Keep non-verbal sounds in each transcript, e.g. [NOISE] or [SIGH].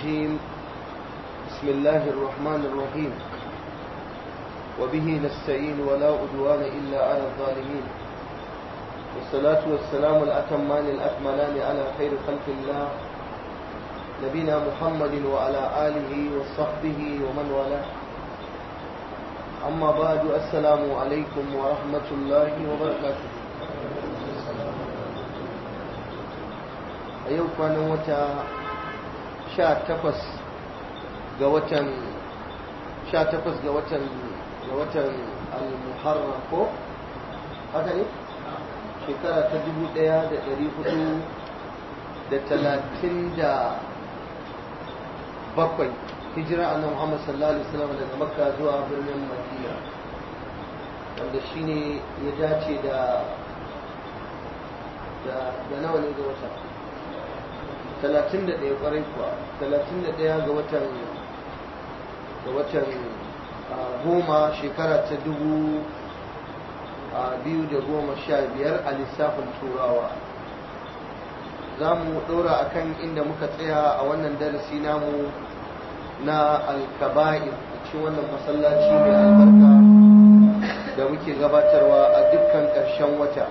الرجيم بسم الله الرحمن الرحيم وبه نستعين ولا عدوان إلا على الظالمين والصلاة والسلام الأتمان الأكملان على خير خلق الله نبينا محمد وعلى آله وصحبه ومن والاه أما بعد السلام عليكم ورحمة الله وبركاته a yau kwanan wata 18 ga watan 18 ga watan ga watan al-muharram ko haka ne shekara ta 1437 hijira annabi Muhammad sallallahu alaihi wasallam daga Makka zuwa birnin Madina wanda shine ya dace da da nawa ne ga watan. talatin da ɗaya ƙwarai kuwa talatin da ɗaya ga watan ga watan ah, goma shekara ta dubu ah, biyu da goma sha biyar a lissafin turawa za mu ɗora a kan inda muka tsaya a wannan darasi namu na alkaba'in, a cikin wannan masallaci mai albarka da muke gabatarwa a dukkan ƙarshen wata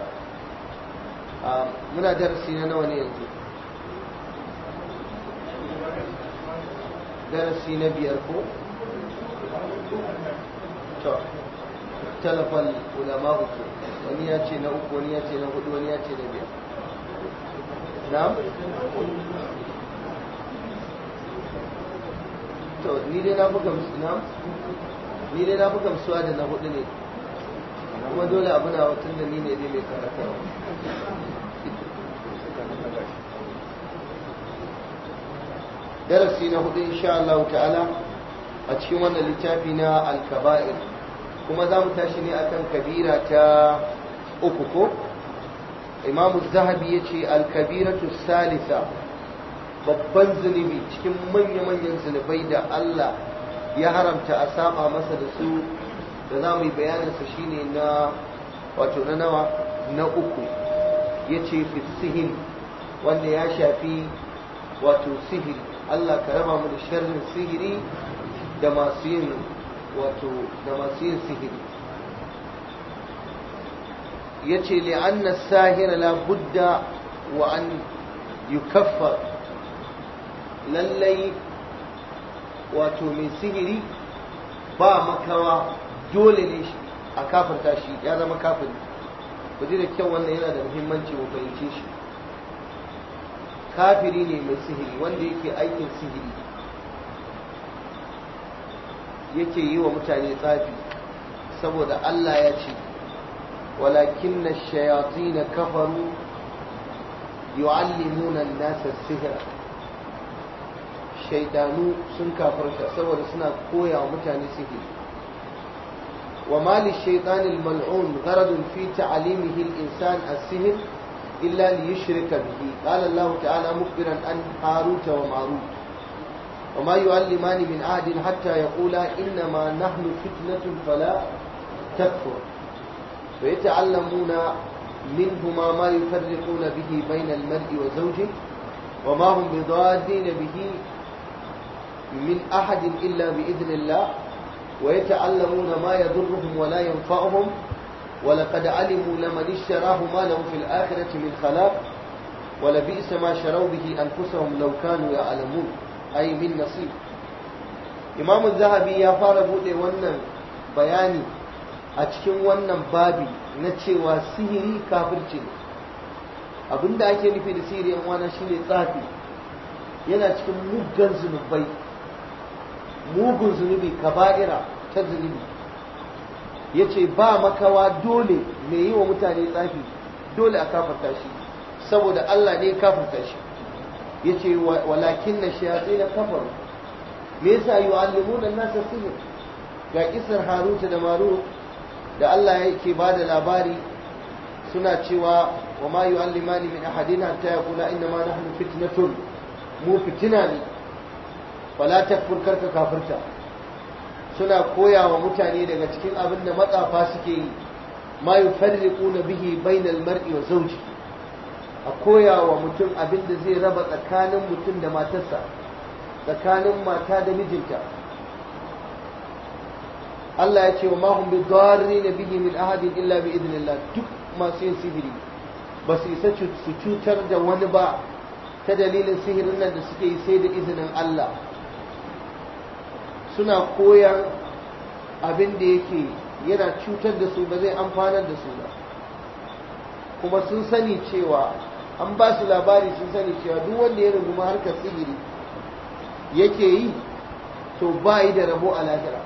ah, muna darasi na nawa ne yanzu darasi na biyar ko to talafan ulama uku wani ya ce uku wani ya ce hudu wani ya ce biyar to ni dai na buga na ni dai ne kuma dole abu na watan da ni ne dai mai karatarwa darasi na hudu insha Allah ta'ala a cikin wannan littafi na alkaba'ir kuma za mu tashi ne akan kabira ta uku ko imam zahabi ya ce al salisa babban zunubi cikin manya-manyan zunubai da Allah ya haramta a saba masa da su da za mu yi bayaninsa shine na wato na nawa na uku ya ce fisihin wanda ya shafi wato sihiri Allah ka raba mu da sharrin sihiri da masu yin wato da masu yin sihiri Ya yace li'anna sahira la budda wa an yukaffar lallai wato mai sihiri ba makawa dole ne a kafarta shi ya zama kafin ku ji da kyau wannan yana da muhimmanci mu fahimce shi kafiri ne mai sihiri wanda yake aikin sihiri yake yi wa mutane tsafi saboda Allah ya ce walakin na shayatsi na kafaru yu'allimunan nasa sihira shaidanu sun kafarta saboda suna koya wa mutane sihiri wa mali shaitanin mal'un gharadun fi ta'alimihi al-insan as-sihr إلا ليشرك به قال الله تعالى مخبرا أن هاروت وماروت وما يعلمان من عهد حتى يقولا إنما نحن فتنة فلا تكفر فيتعلمون منهما ما يفرقون به بين المرء وزوجه وما هم بضادين به من أحد إلا بإذن الله ويتعلمون ما يضرهم ولا ينفعهم ولقد علموا لمن اشتراه ما له في الآخرة من خلاق ولبئس ما شروا به أنفسهم لو كانوا يعلمون أي من نصيب إمام الذهبي يا فاربوت ونن بياني أتكن ونن بابي نتشي وسهري كافر جنس abinda ake nufi da sihiri yan wana shine tsafi yana cikin muggan zunubai mugun zunubi kaba'ira ta zunubi ya ce ba makawa dole mai yi wa mutane tsafi dole a kafarta shi saboda Allah ne kafarta shi ya ce walakin na shayatsi na kafar me yasa yi wa allimunan nasa sihir ga kisar haruta da maru da Allah ke ba da labari suna cewa wa ma a min ahadin ya kula inda ma nahnu fitinatun mu fitina ne wala takfur ka kafirta suna koya wa mutane daga cikin abin da matsafa suke yi ma kuna bihi bainal mar'i wa zauji. a koya wa mutum abin da zai raba tsakanin mutum da matarsa tsakanin mata da mijinta Allah ya ce wa mahum bi na bihi min ahadin illa bi idnillah duk masu yin sihiri ba su isa su cutar da wani ba ta dalilin sihirin nan da suke yi sai da izinin Allah suna koyan abin da yake yana cutar da su ba zai amfanar da su ba kuma sun sani cewa an ba su labari sun sani cewa duk wanda ya rungumi harkar sihiri yake yi to ba yi da rabo a lahira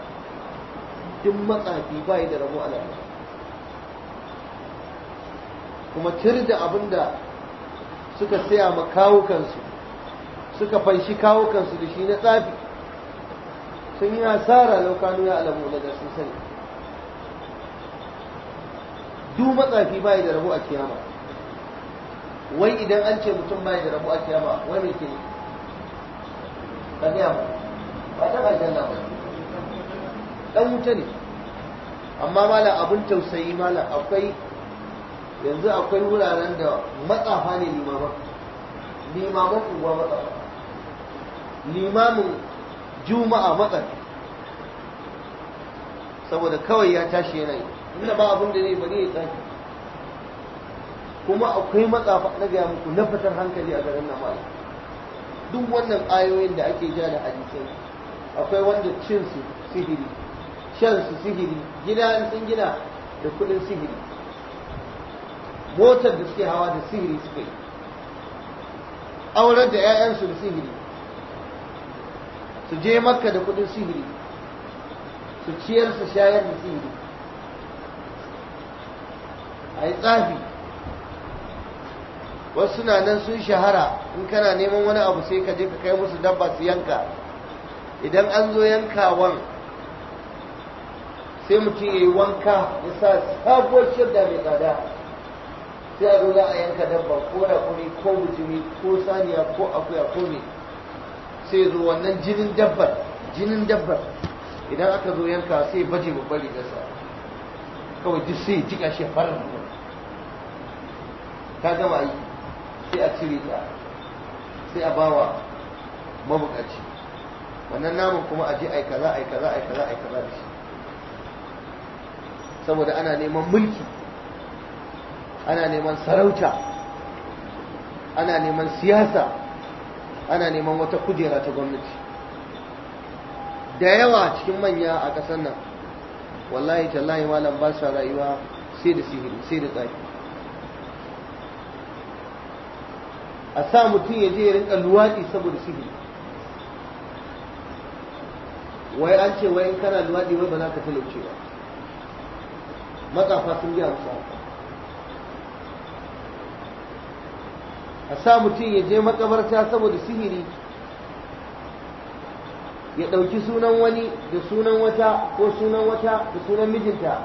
duk matsafi ba yi da rabo a lahira kuma tir da abin da suka saya ma kawukansu suka fanshi kawukansu da shi na tsafi sun yi asara lokacin ya alamu da sun sani duk matsafi bai da rabu a kiyama wai idan an ce mutum bai da rabu a kiyama wai mai ke ka biya ba ba ta aljanna ba dan wuta ne amma malam abin tausayi malam akwai yanzu akwai wuraren da matsafa ne limaman limaman kuwa matsafa limamin juma'a matsar saboda kawai ya tashi yana yi inda ba abin da ne bari ya tashi kuma akwai matsafa na gaya muku na fitar hankali a garin na nan duk wannan ayoyin da ake ja da hadisai akwai wanda cin sihiri shan su sihiri gida sun gina da kudin sihiri motar da suke hawa da sihiri suke aurar da 'ya'yansu da sihiri su je maka da kudin sihiri su ciyar su shayar da sihiri a yi tsafi wasu na nan sun shahara in kana neman wani abu sai ka je ka kai musu dabba su yanka idan an zo yankawan sai mutum ya yi wanka ya sa sabuwar shirda mai tsada sai a zo za a yanka dabba ko kuri ko bujimi ko saniya ko akuya ko mai sai zo wannan jinin dabbar jinin dabbar idan aka zo yanka sai baje da sa kawai duk sai jika shi farar mutum Ka gama aiki sai a cire ta sai a bawa mabukaci wannan namun kuma a je ai kaza ai kaza ai kaza ai kaza da shi saboda ana neman mulki ana neman sarauta ana neman siyasa ana neman wata kujera ta gwamnati da yawa cikin manya a ƙasar nan wallahi tallahi malam ba sa rayuwa sai da sihiri sai da tsaki a sa mutum ya je ya rinka luwaɗi saboda sihiri wai an ce wai in kana luwaɗi wai ba za ka talauce ba matsafa sun yi amsa a sa mutum ya je makabarta saboda sihiri ya ɗauki sunan wani da sunan wata ko sunan wata da sunan mijinta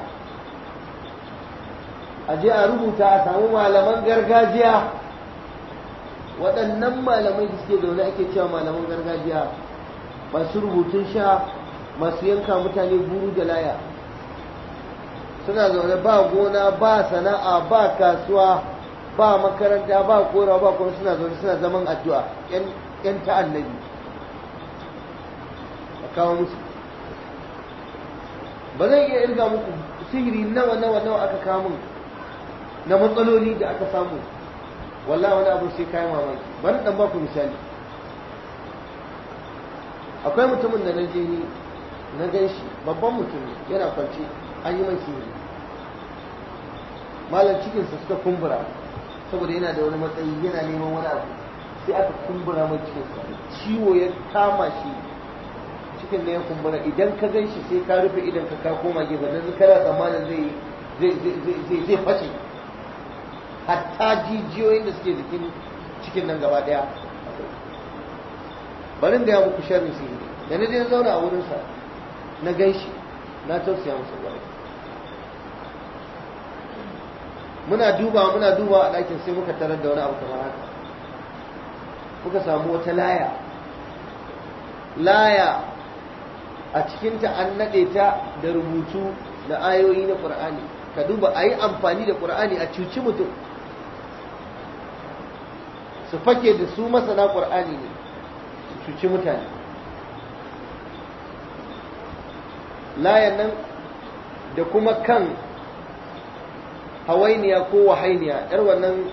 a je a rubuta a samu malaman gargajiya waɗannan malamai da suke zaune ake cewa malaman gargajiya masu rubutun sha masu yanka mutane buru da laya suna zaune ba gona ba sana'a ba kasuwa ba makaranta ba kora ba kuma suna zaune suna zaman addu'a yan ta'an annabi a kawo musu ba zan iya irga muku sihiri nawa nawa nawa aka kamun na matsaloli da aka samu wallahi wani abu sai kayan mamaki bari dan baku misali akwai mutumin da na je ni na gan shi babban mutum yana kwance an yi mai sihiri malam cikinsa suka kumbura saboda yana da wani matsayi yana neman wani abu sai aka kumbura mai cikin ciwo ya kama shi cikin na ya kumbura idan ka gan shi sai ka rufe idan ka ka koma gefe don kana tsammanin zai zai zai fashe hatta jijiyoyin da suke jikin cikin nan gaba daya barin da ya muku sharri sai da na dai zauna a wurinsa na gan shi na tausaya masa gwarai muna duba muna duba a ɗakin sai muka tarar da wani abu kamar haka muka samu wata laya laya a cikinta an naɗe ta da rubutu da ayoyi na ƙur'ani ka duba a yi amfani da ƙur'ani a cuci mutum su fake da su masana ƙur'ani ne su cuci mutane layan nan da kuma kan hawainiya ko wahainiya yar wannan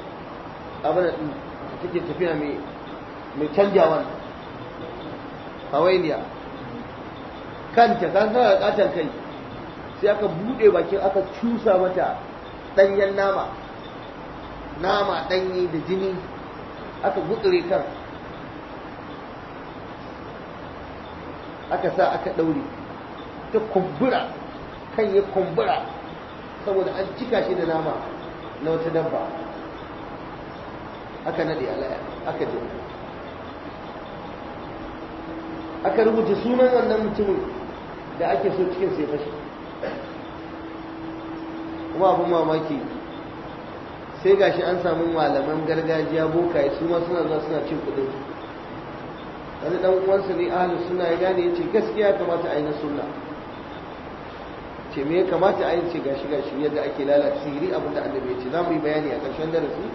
abin da take tafiya mai canjawan hawainiya kanta kan sa katan kai sai aka buɗe bakin aka cusa mata ɗanyen nama nama danyi da jini aka gutsure kan aka sa aka daure ta kumbura kan ya kumbura saboda an cika shi da nama na wata dabba aka nade alaya aka je aka rubuta sunan wannan mutumin da ake so cikin sai fashi kuma abin mamaki sai gashi an samu malaman gargajiya bokaye su ma suna zuwa suna cin kudin wani dan uwansa ne ahalus suna ya gane ya ce gaskiya kamata a yi na sunna ce me ya kamata a yi ce gashi gashi yadda ake lalata sihiri da annabi ya ce za mu yi bayani a ƙarshen darasi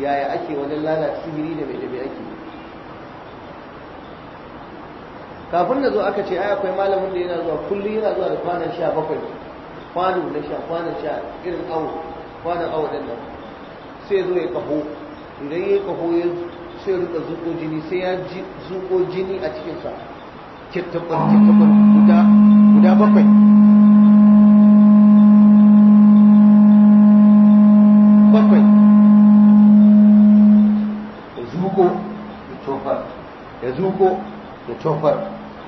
yaya ake wajen lalata sihiri da mai da ake kafin da zo aka ce ai akwai malamin da yana zuwa kullum yana zuwa da kwanan sha bakwai kwano na sha kwanan sha irin awo kwanan awo ɗin nan sai zo ya kaho idan ya kaho ya sai rika zuko jini sai ya zuko jini a cikinsa kittabar kittabar guda bakwai ya zuko ya tofar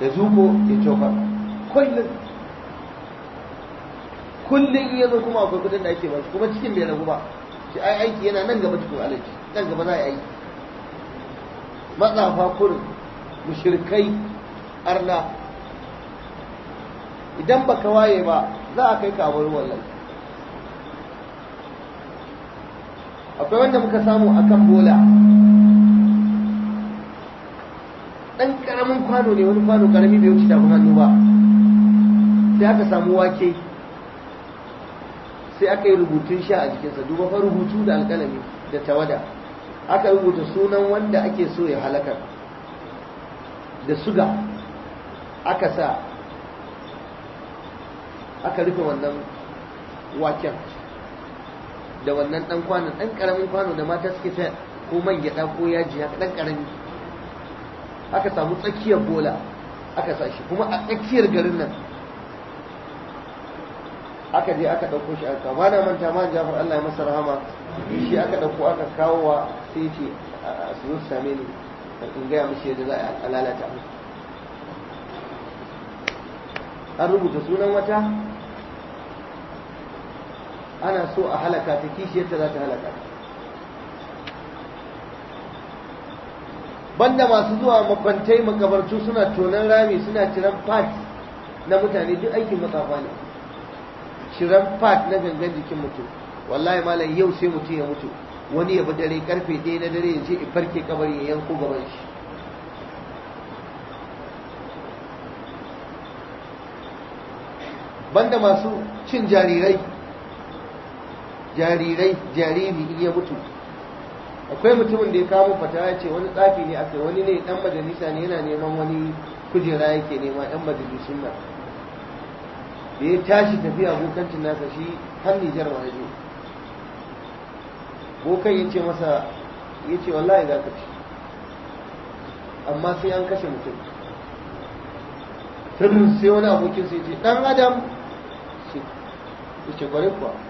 ya zuko ya tofar kullum kullum iya zo kuma akwai kudin da ake ba kuma cikin bai ragu ba shi ai aiki yana nan gaba cikin alaji nan gaba za a yi aiki matsafa kurin mushirkai arna idan ba ka waye ba za a kai ka wallahi akwai wanda muka samu akan bola dan karamin kwano ne wani kwano karami bai wuce tafin hannu ba sai aka samu wake sai aka yi rubutun sha a jikinsa duba fa rubutu da alƙalami da tawada aka rubuta sunan wanda ake so ya halakar da suga aka sa aka rufe wannan waken da wannan dan kwanon dan karamin kwano da mata suke ta ko man ko yaji haka dan karami aka samu tsakiyar bola aka sa kuma a tsakiyar garin nan aka je aka ɗauko shi aka kama na manta ma jafar Allah ya masa rahama shi aka ɗauko aka kawo wa sai ce su su same ni in gaya mishi yadda za a lalata mu an rubuta sunan wata ana so a halaka ta kishiyarta za ta halaka ta banda masu zuwa makwantai makabartu suna tonon rami suna ciran fat na mutane duk aikin makafa ne ciran fat na gangan jikin mutum wallahi malam yau sai mutum ya mutu wani ya bi dare karfe ɗaya na dare ya je farke kabari ya yanko gaban shi banda masu cin jarirai jarirai jariri in ya mutu akwai mutumin da ya kawo fata ya ce wani tsafi ne aka wani ne dan majalisa ne yana neman wani kujera yake nema dan majalisun nan da ya tashi tafiya abokancin nasa shi har Nijar ma ya bokan ya ce masa ya ce wallahi za ka ci amma sai an kashe mutum turin sai wani abokin sai ce dan adam shi ce kwarai kuwa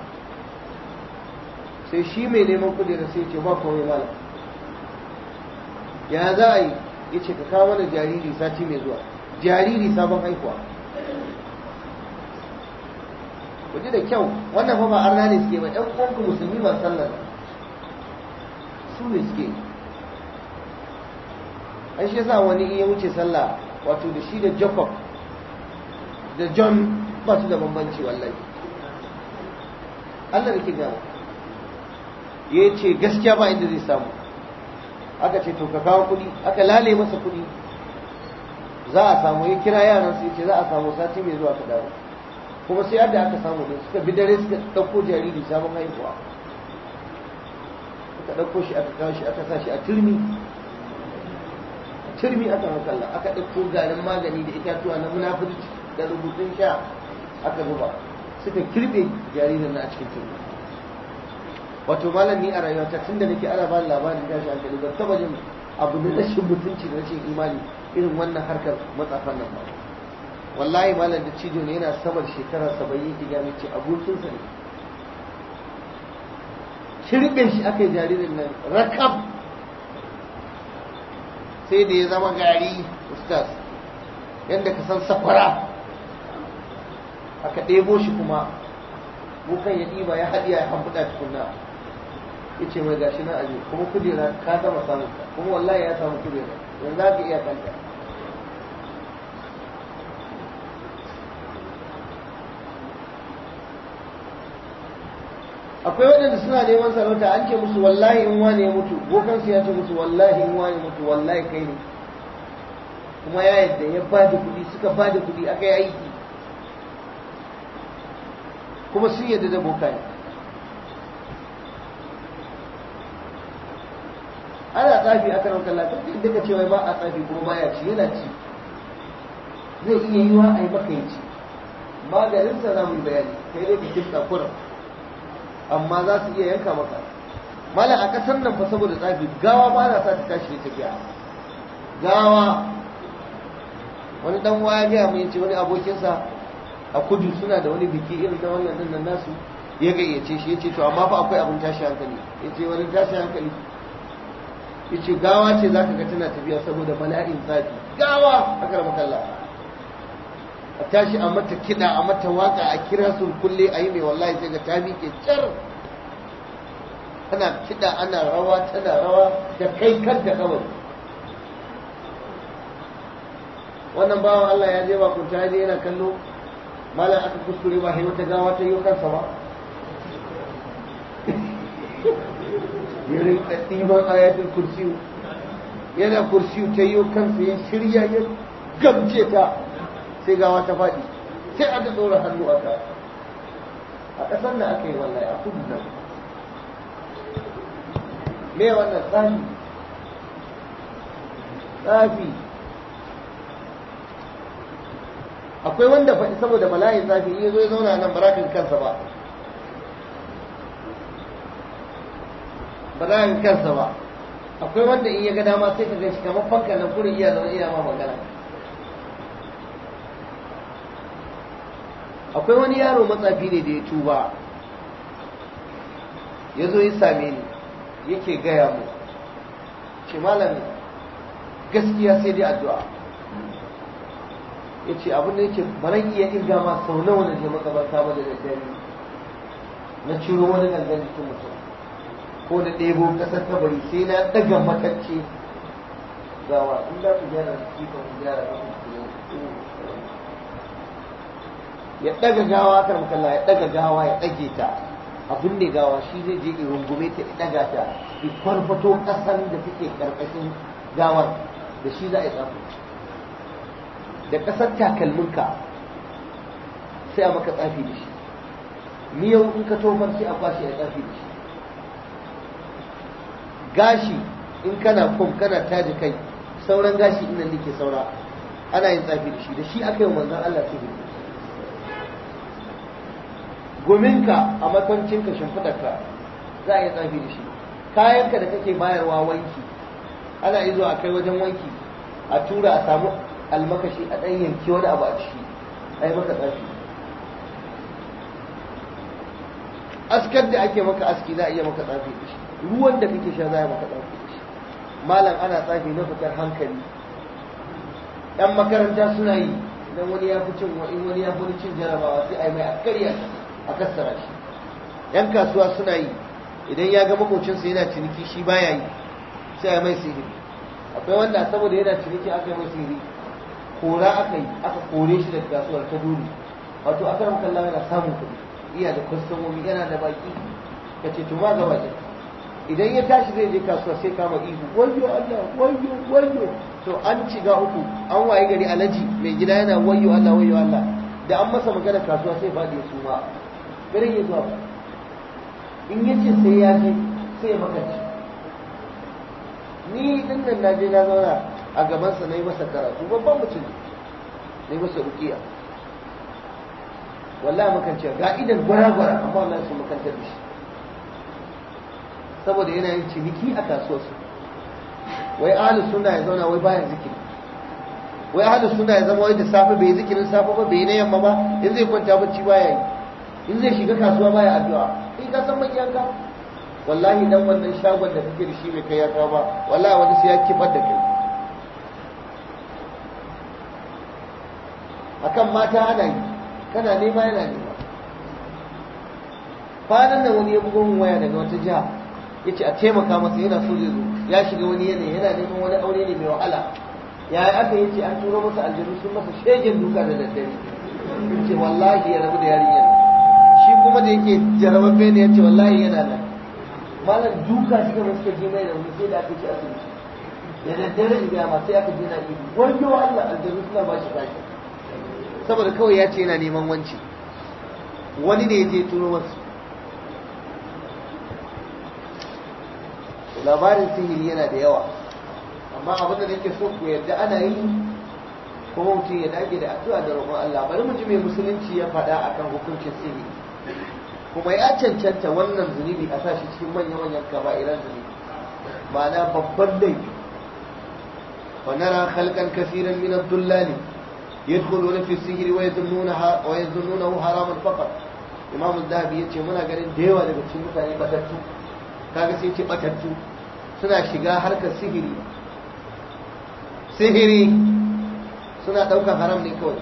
sai shi mai neman da sai ce ba komai mala ya za a yi ya ce ka kawo mana jariri sati mai zuwa jariri sabon haihuwa ku ji da kyau wannan fa ba arna ne suke ba ɗan uwanku musulmi ba sallar su ne suke an shi yasa wani iya wuce sallah wato da shi da jacob da john ba su da bambanci wallahi Allah da ke gaba ya ce gaskiya ba inda zai samu aka ce to ka kawo kuɗi aka lale masa kuɗi za a samu ya kira yaran su ce za a samu sati mai zuwa ka dawo kuma sai yadda aka samu ne suka bi dare suka ɗauko jariri sabon haihuwa suka ɗauko shi aka kawo shi aka sa shi a turmi turmi aka hankala aka ɗauko garin magani da itatuwa na munafurci da rubutun sha aka zuba suka kirɓe jaririn na a cikin turmi wato malam ni a rayuwata tunda nake ana ba labarin tashi hankali ban taba jin abu na rashin mutunci da rashin imani irin wannan harkar matsafan nan ba wallahi malam da cijo ne yana samar shekara saba'in ki gane ce abokinsa ne shirkin shi aka yi jaririn nan rakab sai da ya zama gari ustaz yadda ka san safara aka ɗebo shi kuma bukan ya ɗiba ya haɗiya ya hambuɗa tukunna yace mai gashi na aje kuma kujera ka gama samun ta kuma wallahi ya samu kujera yanzu za ka iya kanta akwai waɗanda suna neman sarauta an ce musu wallahi in wane ya mutu bokansu ya ce musu wallahi in wane mutu wallahi kai ne kuma ya yadda ya ba da kuɗi suka ba da kuɗi aka yi aiki kuma sun yadda da boka ne ana tsafi a karan kalla tun da cewa ba a tsafi kuma baya ci yana ci zai iya yiwa a yi maka ya ci maganinsa za mu yi bayani kai dai ka kifta amma za su iya yanka maka malam a kasar nan fa saboda tsafi gawa ba na sa ta tashi ta tafiya gawa wani dan waya ga mai ce wani abokinsa a kudu suna da wani biki irin na wannan nan nasu ya gayyace shi ya ce to amma fa akwai abin tashi hankali ya ce wani tashi hankali yace gawa ce zaka ga tana tafiya saboda bala'in zafi gawa akar makalla a tashi a mata kida a mata waka a kira su kulle a yi mai wallahi sai ga ta miƙe car tana kida ana rawa tana rawa da kai kanta kawai wannan bawan Allah ya je ba ku ya yana kallo malam aka kuskure ba sai wata gawa ta yi kansa ba ya rinka ɗiban ayatul kursiyu yana kursiyu ta yi kansa ya shirya ya gamce ta sai gawa ta faɗi sai aka ɗora hannu a ta a ƙasar da aka yi wallahi a kudu nan me wannan tsafi tsafi akwai wanda faɗi saboda bala'in tsafi ya zo ya zauna nan barakin kansa ba ba za ka kansa ba akwai wanda in ya ga dama sai ka gan shi kamar fanka na kuri iya zama iya ma magana akwai wani yaro matsafi ne da ya tuba ya zo ya same ni yake gaya mu ce malam gaskiya sai dai addu'a ya ce abin da yake bari iya irga ma sau nawa na je makabarta ba da daddare na ciro wani gangan jikin mutum ko da ɗebo ƙasar kabari sai na ɗaga matacce gawa in za ku gyara kifin gyara ya ɗaga gawa kar makalla ya ɗaga gawa ya ɗage ta abin da gawa shi zai je rungume ta ya ɗaga ta ya kwarfato ƙasar da take ƙarƙashin gawar da shi za a yi tsafi da ƙasar takalminka sai a maka tsafi da shi miyau in ka tofar sai a kwashe a tsafi da shi gashi in kana kum kana taji kai sauran gashi ina nake saura ana yin tsafi da shi da shi aka yi manzan Allah su gudu gominka a matancinka shimfidarka za a yi tsafi da shi kayanka da kake bayarwa wanki ana izo a kai wajen wanki a tura a samu almakashi a ɗan yanki wani abu a ciki a yi maka tsafi askar da ake maka aski za a iya maka tsafi ruwan da kake sha za a maka ɗauki malam ana tsafi na fitar hankali ɗan makaranta suna yi idan wani ya fi cin wani wani ya fi cin jarabawa sai a yi mai akarya a kassara shi Ɗan kasuwa suna yi idan ya ga makocinsa yana ciniki shi baya yi sai a mai sihiri akwai wanda saboda yana ciniki aka yi mai sihiri kora aka yi aka kore shi daga kasuwar ta duni wato aka kallon yana samun kuɗi iya da kwastomomi yana da baki ka ce to ga wajen idan ya tashi zai je kasuwa sai kama ihu wayo Allah wayo wayo to an ga uku an waye gari alaji mai gida yana wayo Allah wayo Allah da an masa magana kasuwa sai faɗi ya suma garin ya zuwa in ya ce sai ya je sai ya makanci ni din nan na je na zauna a gabansa na yi masa karatu babban mutum nayi masa rukiya wallahi makanciya ga idan gwara-gwara amma wallahi sun makantar da shi saboda yana yin ciniki a kasuwarsu wai ahalus sunna ya zauna wai bayan zikiri wai ahalus sunna ya zama wai da safe bai zikirin safe ba bai na yamma ba in zai kwanta bacci baya yi in zai shiga kasuwa baya addu'a in ka san yanka?" wallahi dan wannan shagon da kake da shi bai kai ya kawo ba wallahi wani sai ya kifar da kai akan mata ana yi kana nema yana nema kwanan da wani ya bugun waya daga wata jiha yace a taimaka masa yana so zai zo ya shiga wani yanayi yana neman wani aure ne mai wahala ya yi aka yace an turo masa aljanu sun masa shegen duka da daddare yace wallahi ya rabu da yarinyar shi kuma da yake jarababbe ne yace wallahi yana nan malam duka suka mai ji je mai da wani sai da aka ci asibiti ya daddare in gama sai aka je na ibi wayo Allah aljanu suna ba shi bashi saboda kawai ya ce yana neman wanci wani ne ya je turo masu labarin sihiri yana da yawa amma abin da ke so ku yadda ana yi kuma mutum ya dage da addu'a da roƙon Allah bari mu ji mai musulunci ya faɗa kan hukuncin sihiri kuma ya cancanta wannan zunubi a sashi cikin manya-manyan kaba'iran zunubi ma'ana babban laifi wa nara khalqan kaseeran min ad-dullali yadkhuluna fi sihri wa yadhunnunaha wa yadhunnunahu haraman faqat imam az-zahabi yace muna ganin da yawa daga cikin mutane batattu kaga sai ce batattu suna shiga harkar sihiri sihiri suna ɗaukar haram ne kawai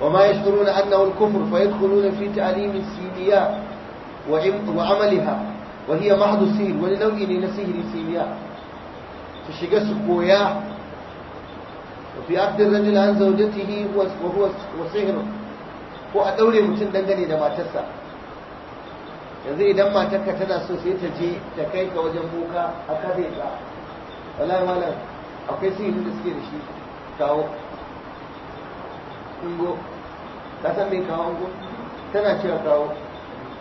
وما يشعرون أنه الكفر فيدخلون في تعليم السينية وعملها وهي محض السهر ولنوع من سهر سينية فشيغا سكويا وفي أخذ الرجل عن زوجته وهو وسهر هو أدوري متن dangane da تسأل yanzu idan matarka tana so sai ta je ta kai ka wajen boka a kare ka wallahi malam akwai sihirin da suke da shi kawo ungo ka san mai kawo ungo tana cewa kawo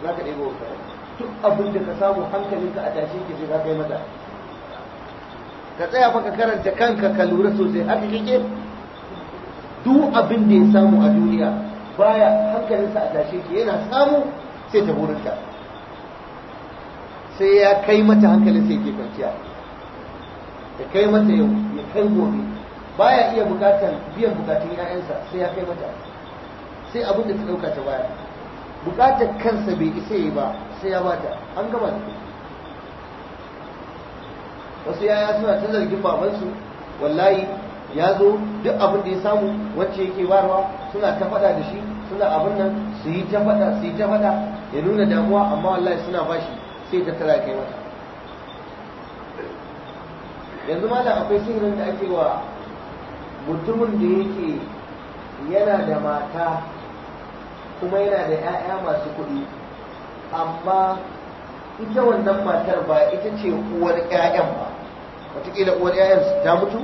za ka ɗebo kawo duk abin da ka samu ka a tashi ke sai za ka yi mata ka tsaya fa ka karanta kanka ka lura sosai haka kike duk abin da ya samu a duniya baya hankalinsa a tashi ke yana samu sai ta burinta sai ya kai mata hankalin sai ke kwanciya ya kai mata yau ya kai gobe baya iya bukatar biyan bukatun 'ya'yansa sai ya kai mata sai abin da ta dauka ta baya bukatar kansa bai isa yi ba sai ya bata an gama da wasu yaya suna ta zargin babansu wallahi ya zo duk abin da ya samu wacce yake warwa suna ta faɗa da shi suna abin nan su yi ta fada su yi ta faɗa ya nuna damuwa amma wallahi suna bashi sai ta tara kai mata yanzu da akwai sihirin da ake wa mutumin da yake yana da mata kuma yana da 'ya'ya masu kuɗi amma ita wannan matar ba ita ce uwar 'ya'yan ba watakila uwar 'ya'yan ta mutu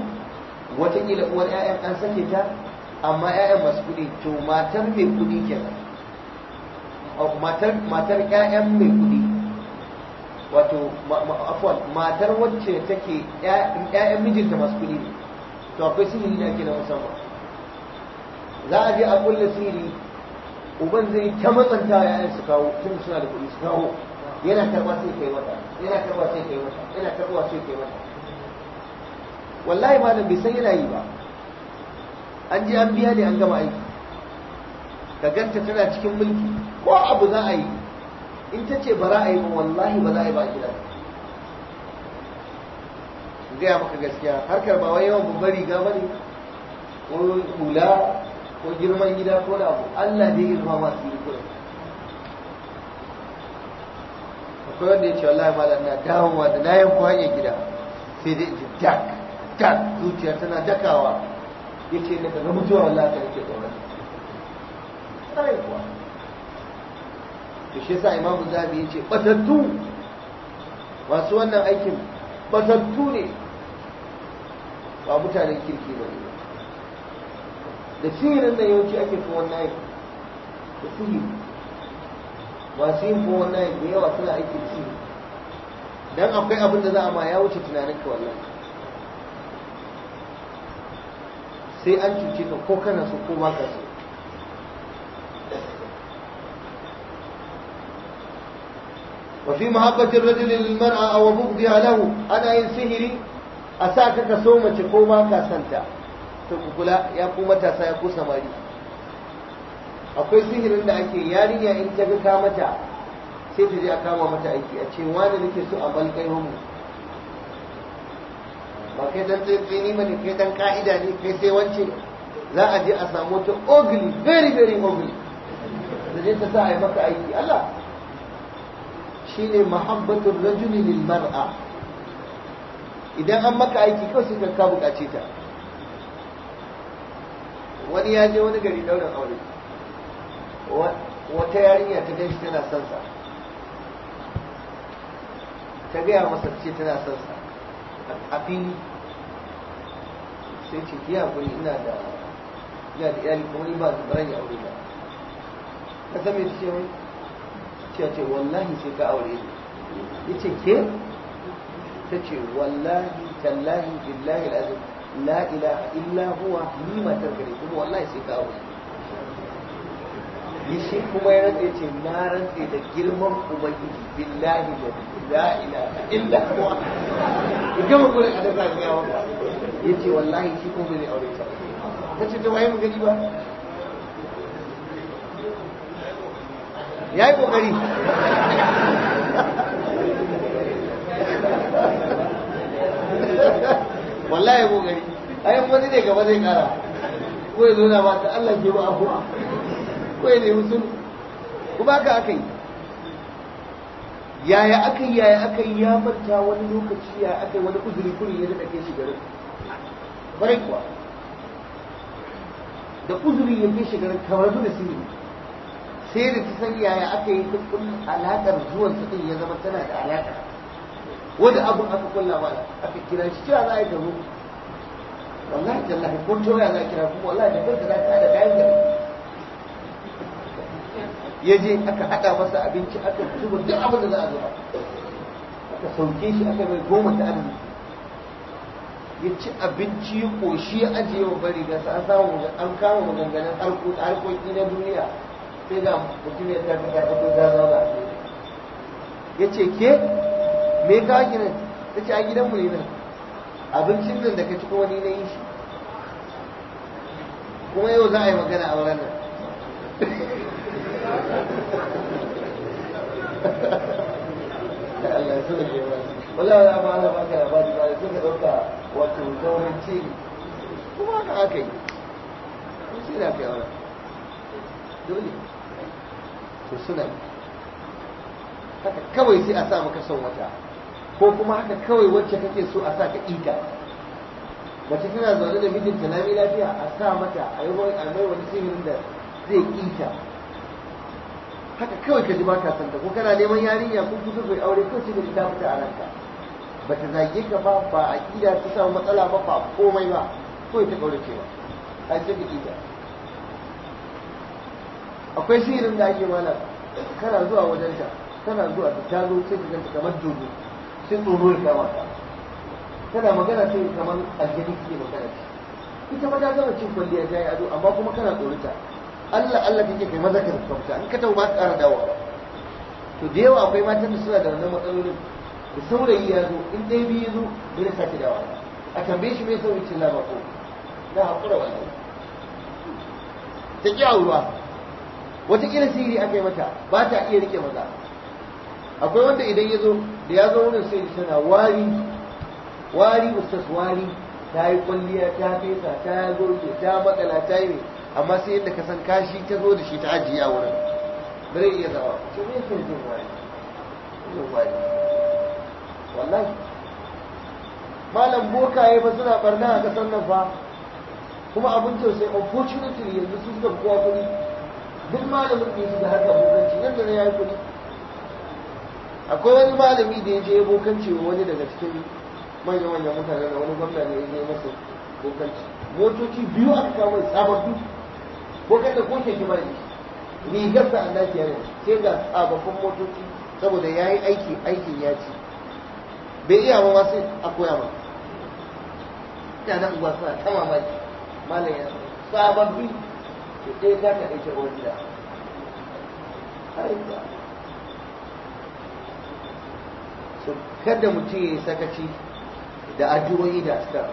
watakila uwar 'ya'yan an sake ta amma 'ya'yan masu kuɗi to matar mai kuɗi kenan matar 'ya'yan mai kuɗi wato afwan matar wacce take ƴaƴan mijinta masu kuɗi ne to akwai sihiri da ake na musamman za a je a kulle sihiri uban zai ta matsanta yayan su kawo tun suna da kuɗi su kawo yana karɓa sai kai wata yana karɓa sai kai wata yana karɓa sai kai wata wallahi malam bai san yana yi ba an je an biya ne an gama aiki ka ganta tana cikin mulki ko abu za a yi in ta ce ba ra'ayi a yi ba wallahi ba za a yi ba a gida gaya maka gaskiya harkar ba wai yawan babbar riga ba ne ko kula ko girman gida ko da abu Allah dai ya zama masu yi A akwai wanda ya ce wallahi da na dawowa da na yanko kwanye gida sai dai ji dak dak zuciya tana dakawa ya ce na daga mutuwa wallahi ka yake tsoron kuwa to shi yasa imamu zabi yace batattu masu wannan aikin batattu ne ba mutanen kirki ba ne da sihirin da yawanci ake fi wannan aiki da sihiri masu yin fowon wannan aiki da yawa suna aikin sihiri dan akwai abin da za a ma ya wuce tunanin ka wallahi sai an cuce ka ko kana so ko ba ka so وفي محبة الرجل للمرأة أو مبدها له أنا إن سهري أساك كسومة قوما كاسنتا تقول يا قومة سيقو سماري akwai sihirin da ake yarinya in ta ga mata sai ta je a kama mata aiki a cewa da nake so a balkai mu ba kai dan tsini ba ne kai dan ka'ida ne kai sai wance za a je a samu wata ogli very very ogli da je ta sa a yi maka aiki Allah shine mahabbatul rajuli lil mar'a idan an maka aiki kawai sai ka bukace ta wani ya je wani gari daura aure wata yarinya ta ganshi tana son sa ta gaya masa ce tana son sa a fili sai ce ki hakuri ina da ya da iyali kuma ni ba zan aure ba ka san me ce wai cewa ce wallahi sai ka aure su ce ke ta ce wallahi tallahi billahi lazim la ilaha illa huwa ni matar gare kuma wallahi sai ka aure ni shi kuma ya rantsa ce na rantsa da girman ubangiji billahi da la ilaha illa huwa ya gama kuma da zaka yawa ce wallahi shi kuma bai aure ta ta ce ta waye mu gani ba ya yi ƙoƙari wallahi ya ƙoƙari ayin wani ne gaba zai ƙara ko ya zo na ba ta Allah ke ba kuwa ko ya nemi sun ku ba ka aka yi yaya aka yi yaya aka yi ya manta wani lokaci ya aka yi wani uzuri kuri ya daɗa ke shi garin kuwa da uzuri ya ke shi garin kamar su da sirri sai da ta yaya aka yi duk kullum alaƙar zuwan su ɗin ya zama tana da alaƙa wani abin aka kulla ba aka kira shi cewa za a yi gano wallahi tallahi ko to ya za a kira kuma wallahi da kanka za ta da kayan gari ya je aka haɗa masa abinci aka zuba duk abin da za a zuba aka sauke shi aka mai goma ta arziki ya ci abinci ya ƙoshi ya ajiye wa bari gasa an samu an kama maganganun harkoki na duniya sai ga mutum ya tafi ke me ka gidan ta ce a gidan ne nan abincin nan da ka ci na yi shi yau za a yi magana a wurin nan [LAUGHS] Allah ba da suka dole to suna haka kawai sai a sa maka son wata ko kuma haka kawai wacce kake so a sa ka ita mace tana zaune da mijinta lami lafiya a sa mata a yi mai wani sihirin da zai ita haka kawai ka ji ba ka santa ko kana neman yarinya ko kusa bai aure ko ci gari ta fita a ranka ba ta zage ka ba ba a ƙida ta samu matsala ba ba komai ba ko ita kaurace ba a ce ka ƙida akwai sihirin da ake mana kana zuwa wajen ta tana zuwa ta ta zo sai ka ganta kamar dubu. sai tsoro ya kama ta tana magana sai kamar aljani ke magana ce ita ma ta zama cin kwalliya ta yi ado amma kuma kana tsorita Allah Allah kake kai maza ka rubuta in ka tauba ka ƙara dawowa to da yawa akwai matan da suna da wannan matsalolin da saurayi ya zo in dai biyu zo bai sake dawowa a tambaye shi mai saurayi cin labako na haƙura wannan ta ƙi auruwa wataƙila sihiri aka yi mata ba ta iya rike maza akwai wanda idan ya zo da ya zo wurin sai ji tana wari wari ustas wari ta yi kwalliya ta fesa ta goge ta matsala ta yi amma sai yadda ka san kashi ta zo da shi ta ajiye a wurin bare iya zawa to me yake jin wari jin wari wallahi malam bokaye ba suna barna a kasar nan fa kuma abin sai unfortunately yanzu sun zama kowa kuɗi duk malamin da yake da harka bokanci nan da na yayi kudi akwai wani malami da ya je bokanci wa wani daga cikin manyan manyan mutane da wani gwamna ne ya je masa bokanci motoci biyu aka kawo sababbi ko kada ko ke kima ne rigar da Allah ke yana sai ga sababbin motoci saboda ya yi aiki aikin ya ci bai iya ba sai a koya ba ta nan gwasa suna ta mamaki malam ya sababbi to za ka ɗauke so kada mutum ya yi sakaci da addu'o'i da suka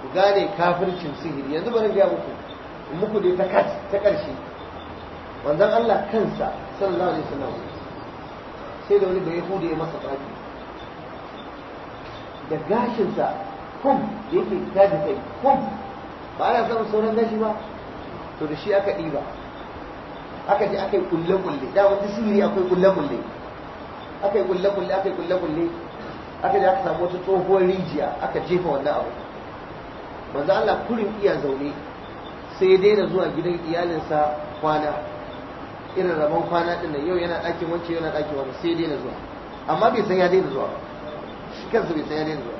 ku gane kafircin sihiri yanzu bari ga muku muku dai ta ta karshe wanzan Allah kansa sallallahu alaihi wasallam sai da wani bai hude ya masa tsaki da gashinsa kum yake taji kai kum ba ana samun sauran gashi ba to da shi aka ɗiba aka ji aka yi kulle-kulle da wata sihiri akwai kulle-kulle aka yi kulle-kulle aka yi kulle-kulle aka ji aka samu wata tsohuwar rijiya aka jefa wannan abu manzo Allah kurin iya zaune sai ya daina zuwa gidan iyalinsa kwana irin rabon kwana din nan yau yana ɗakin wance yana ɗakin wani sai ya daina zuwa amma bai san ya daina zuwa shi kansa bai san ya daina zuwa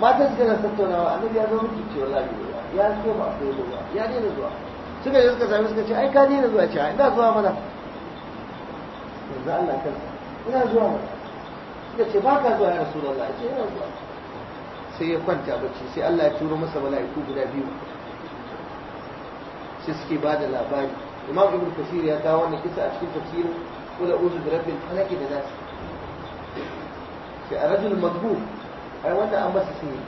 matan su na tattaunawa annabi ya zo miki cewa wallahi ya so ba ko ya daina zuwa suka yi suka sami suka ce ai ka daina zuwa ce ina zuwa mana yanzu Allah kan ina zuwa mana suka ce ba ka zuwa ya Allah? ce ina zuwa sai ya kwanta bacci sai Allah ya turo masa mala'iku guda biyu sai suke ba da labari imam ibn kasir ya kawo wannan kisa a cikin tafsirin kula uzu da rabbil falaq da nas sai a rajul madbu ai wanda an masa sai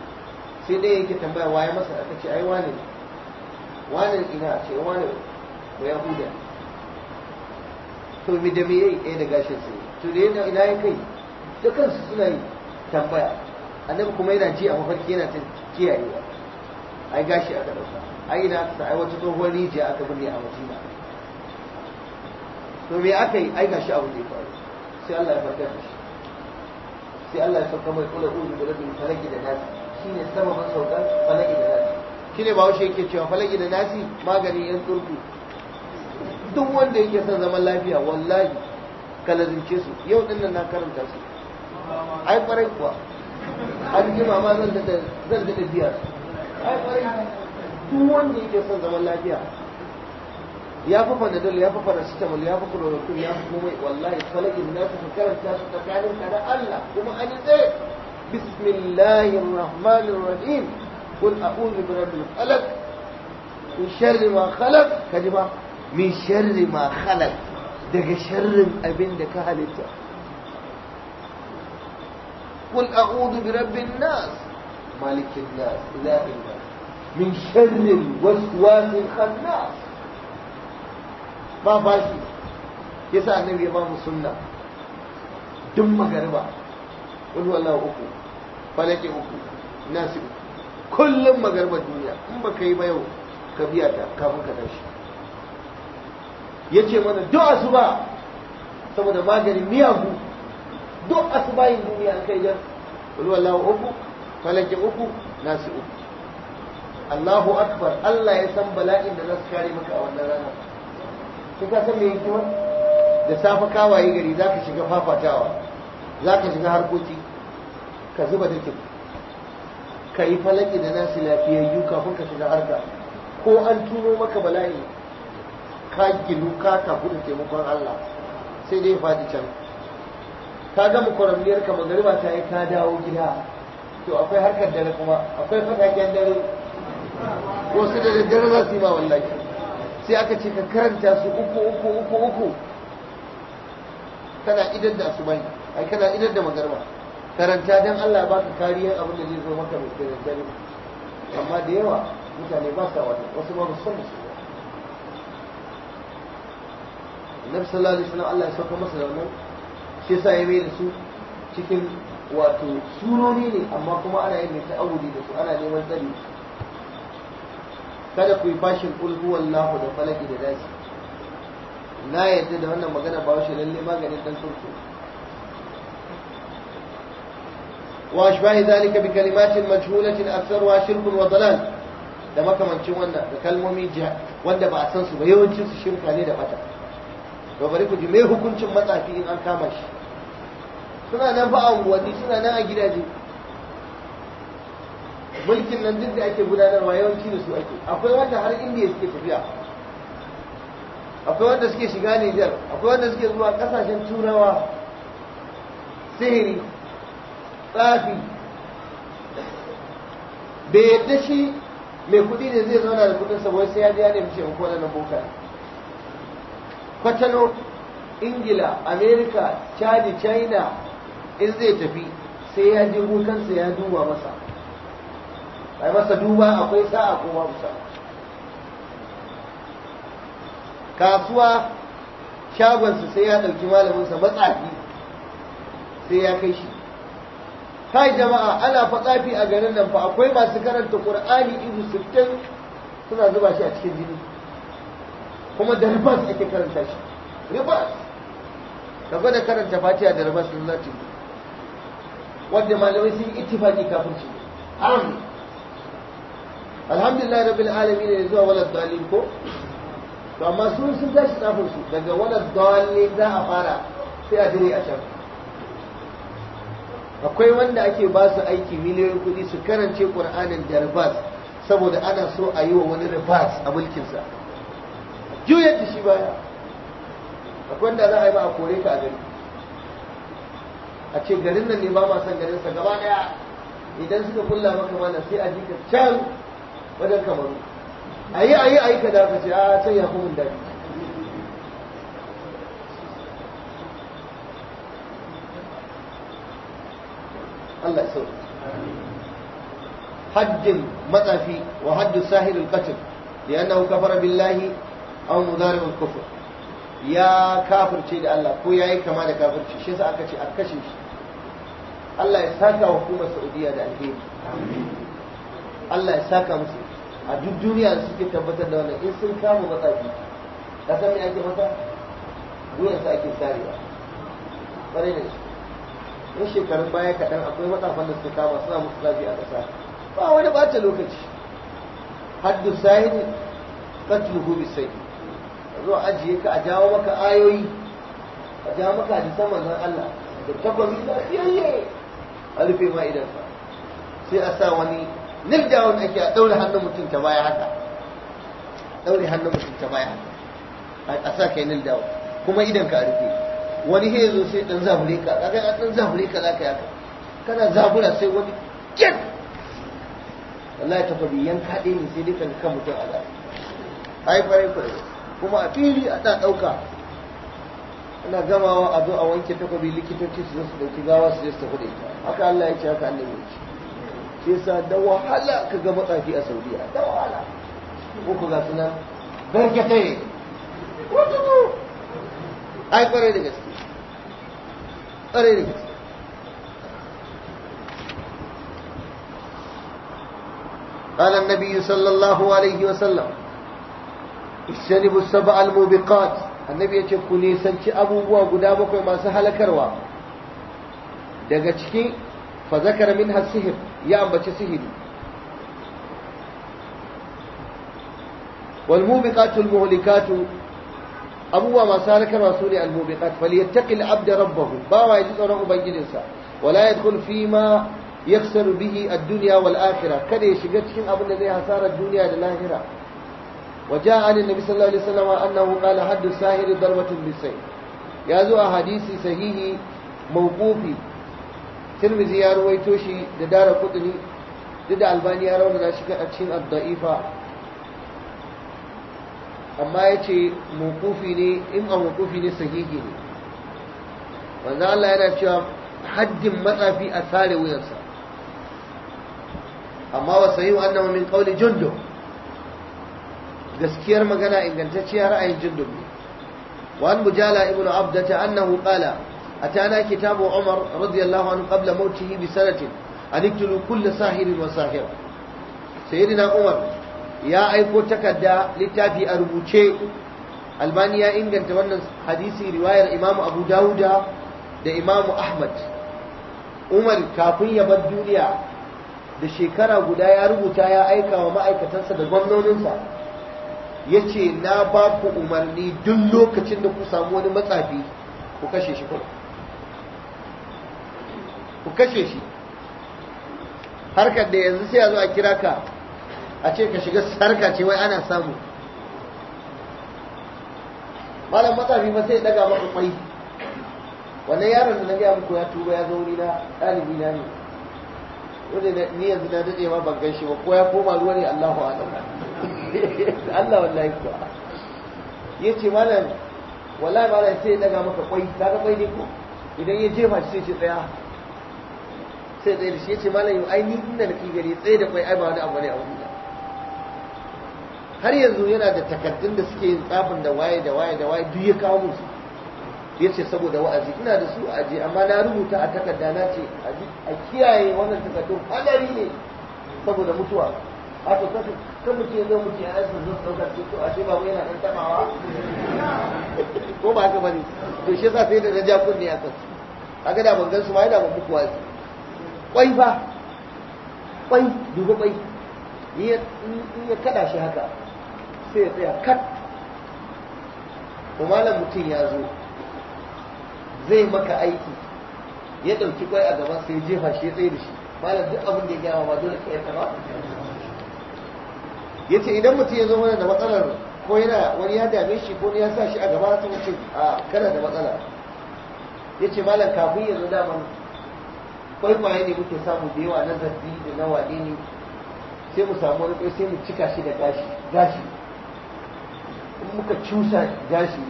sai dai yake tambaya waye masa aka ce ai wane ne wani ina ce wani ba yahuda to mi da mi yayi ɗaya da gashin su to da yana ina ya kai dukansu suna yi tambaya annabi kuma yana ji a mafarki yana ta kiyayewa ai gashi aka ɗauka. ai ina ta ai wata tsohuwar rijiya aka binne a madina to me aka yi ai gashi abu da ya faru sai Allah ya farkar shi sai Allah ya sauka mai kula uzu da rabin falaki da nasi shine sababin saukar falaki da nasi ne ba washe yake cewa falaki da nasi magani yan turku duk wanda yake son zaman lafiya wallahi kalazince su yau din nan na karanta su ai farai kuwa an ji ma zan da zan da biya ai farai. duk wanda yake son zaman lafiya ya fi fanadol ya fi paracetamol ya fi chloroquine ya fi mai wallahi da na su karanta su tsakanin ka da Allah kuma an yi tsaye bismillahir rahmanir rahim قل أعوذ برب الفلق من شر ما خلق كجبا من شر ما خلق daga شر abin دك ka halitta قل أعوذ برب الناس مالك الناس إله الناس من شر الوسواس الخناس ما باشي يسأل النبي إمام السنة دم غربا قل والله أكو فلك أكو ناس أكو kullum magarbar duniya in ba ka yi ba yau ka biya ta kafin ka tashi ya ce mana duk asuba saboda maganin miyagu duk asuba yin duniya an kai jan walwala uku falake uku nasu uku Allahu akbar Allah ya san bala'in da zasu kare maka a wannan rana kin ka san me yake da safa kawaye gari zaka shiga fafatawa zaka shiga harkoki ka zuba take ka yi falaki da nasu lafiyayyu kafin ka shiga harka ko an turo maka bala'i ka gilu, ka tafi da taimakon Allah sai dai faɗi can ka gama kwaramniyar ka magariba ta yi ka dawo gida to akwai harkar dare kuma akwai fadaken dare wasu da daddare za su yi ma wallahi sai aka ce ka karanta su uku uku uku uku kana idan da bai ai kana idan da magariba karanta don Allah ba ka kariyar abin da zai zo maka mai kirantare amma da yawa mutane ba sa wata wasu ba su san su na sallallahu alaihi na Allah ya sauka masa da wannan shi yasa ya mai da su cikin wato sunoni ne amma kuma ana yin auri da su ana neman tsari kada ku yi bashin kul lahu da falaki da dasi na yadda da wannan magana ba shi lalle maganin dan sulhu وأشباه ذلك بكلمات مجهولة أكثرها شرك وضلال da makamancin wannan da kalmomi wanda ba a san su ba yawancin su shirka ne da bata to bari ku ji me hukuncin matsafi in an kama shi suna nan ba unguwanni suna nan a gidaje mulkin nan duk da ake gudanarwa yawanci da su ake akwai wanda har indiya suke tafiya akwai wanda suke shiga nijar akwai wanda suke zuwa kasashen turawa sihiri tsafi bai yadda shi mai kuɗi ne zai zauna da kuɗin sa wai sai ya je ne nemi in na boka kwatano ingila Amerika, chadi china in zai tafi sai ya je bokansa ya duba masa ai masa duba akwai sa'a ko ba musa kasuwa shagonsu sai ya ɗauki malaminsa matsafi sai ya kai shi kai jama'a ana fa a garin nan fa akwai masu karanta qur'ani ibu sittin suna zuba shi a cikin jini kuma da rubas ake karanta shi rubas ka gwada karanta fatiha da rubas na zati wanda malamai sun yi ittifaqi kafin shi amin alhamdulillah rabbil alamin ya zuwa wala dalil ko to amma sun sun tashi tsafin su daga wala dalil za a fara sai a dire a can akwai wanda ake ba su aiki miliyoyin kuɗi su karance ƙur'anin da ribas saboda ana so a yi wa wani ribas a mulkinsa juyar da shi baya akwai wanda za a yi ba a kore ka a gari a ce garin nan ne ba ma san garinsa gaba ɗaya idan suka kulla maka mana sai a jika can wajen kamaru a yi a yi a yi ka da ka ce a ah, sai ya kuma daɗi Allah ya sauke haddin matsafi wa haddu sahil al-qatl annahu kafara billahi aw mudari al-kufr ya kafirce da Allah ko yayi kama da kafirci shi yasa aka ce a kashe shi Allah ya saka hukumar Saudiya da alheri Allah ya saka musu a duk duniya da suke tabbatar da wannan in sun kama matsafi ka san me ake mata wuyansa ake sarewa ƙwarai da shi in shekarun baya kaɗan akwai matsafan da suke kama suna musu zafi a ƙasa ba wani ɓata lokaci haddu sahiri qatluhu sai. zo ajiye ka a jawo maka ayoyi a jawo maka jisan manzon Allah da tabbami lafiyayye a rufe ma idan sai a sa wani nil down ake a ɗaure hannun mutum ta baya haka ɗaure hannun mutum ta baya haka a sa kai nil down kuma idan ka rufe wani ya zo sai dan zabure ka kaga dan zabure ka zaka yaka kana zabura sai wani kin wallahi ta kwabi yan kaɗe ne sai dai kan kan mutum ala ai farai kwarai kuma a fili a ta ɗauka ana gamawa a zo a wanke takwabi likitoci su su dauki gawa su je su tafi da ita haka Allah ya ce haka Allah ya ce shi yasa da wahala ka ga matsafi a Saudiya da wahala ko ku ga sunan barkatai ai kware da gaske أريني قال النبي صلى الله عليه وسلم اجتنب السبع الموبقات النبي يتكوني سنتي أبو وقدامك وما سهل كروا دقتك فذكر منها السهر يا أمبت سهر والموبقات المهلكات abubuwa masu halakar su ne al-mubiqat falyattaqi al-abd rabbahu ba ya yaji tsoron ubangijin sa wala yadkhul fi ma yakhsaru bihi ad-dunya wal akhirah kada ya shiga cikin abin da zai hasara duniya da lahira Waje ja'a an-nabi sallallahu alaihi wasallam annahu qala haddu sahiri ya zo a hadisi sahihi mawqufi tirmidhi ya ruwaito shi da darakutni duk da albani ya rawaita shi a cikin ad-da'ifa amma ya ce mukufi ne in a mukufi ne sahihi ne wanda Allah yana cewa haddin matsafi a sare wuyansa amma wa sahihu annahu min kauli jundub gaskiyar magana ingantacciyar ra'ayin jundub ne wa bujala ibnu abdata annahu qala atana kitabu umar radiyallahu anhu qabla mawtihi bi sanatin an iktulu sahirin wa sahira sayyidina umar ya aiko takarda littafi a rubuce albani ya inganta wannan hadisi riwayar imamu abu dawuda da imamu ahmad umar kafin ya bar duniya da shekara guda ya rubuta ya aika wa ma'aikatansa da gwamnoninsa ya ce na ba ku umarni duk lokacin da ku samu wani matsafi ku kashe shi kuma ku kashe shi harkar da yanzu sai a zo a kira ka a ce ka shiga sarka ce wai ana samu malam matsafi ba sai daga maka kwai wannan yaron da na gaya muku ya tuba ya zo na ɗalibi na ne wanda ni yanzu na daɗe ma ban gaishe ba ko ya koma ruwa ne Allahu alam [LAUGHS] Allah wallahi ko ya ce malam wallahi malam sai daga maka kwai ga kwai ne ko idan ya jefa shi sai ce tsaya sai tsaye da shi ya ce malam yau ai ni ina da gari tsaye da kwai ai ba wani abu ne a wani har yanzu yana da takaddun da suke yin tsafin da waye da waye da waye duk ya kawo musu ya ce saboda wa'azi ina da su a je. amma na rubuta a takarda na ce a kiyaye wannan takardun hadari ne saboda mutuwa haka kasu kan mutum yanzu mutum ya aiki zuwa saukar ce to ashe babu yana ɗan tabawa [LAUGHS] ko ba haka bane to shi yasa sai da na ja kunne a kan haka da ban gansu ma yana ban mutuwa. wazi kwai fa kwai dubu kwai in ya kada shi haka sai ya tsaya kat malam mutum ya zo zai maka aiki ya ɗauki kwai a gaban sai jefa shi ya tsaye da shi malam duk abin da ya gama ba dole ka yarda ba ya ce idan mutum ya zo mana da matsalar ko yana wani ya dame shi ko ya sa shi a gaba sun ce a kana da matsala ya ce malam kafin ya zo daman kwaikwaye ne muke samu da yawa na zarfi da na waɗe ne sai mu samu wani sai mu cika shi da gashi gashi muka cusa gashi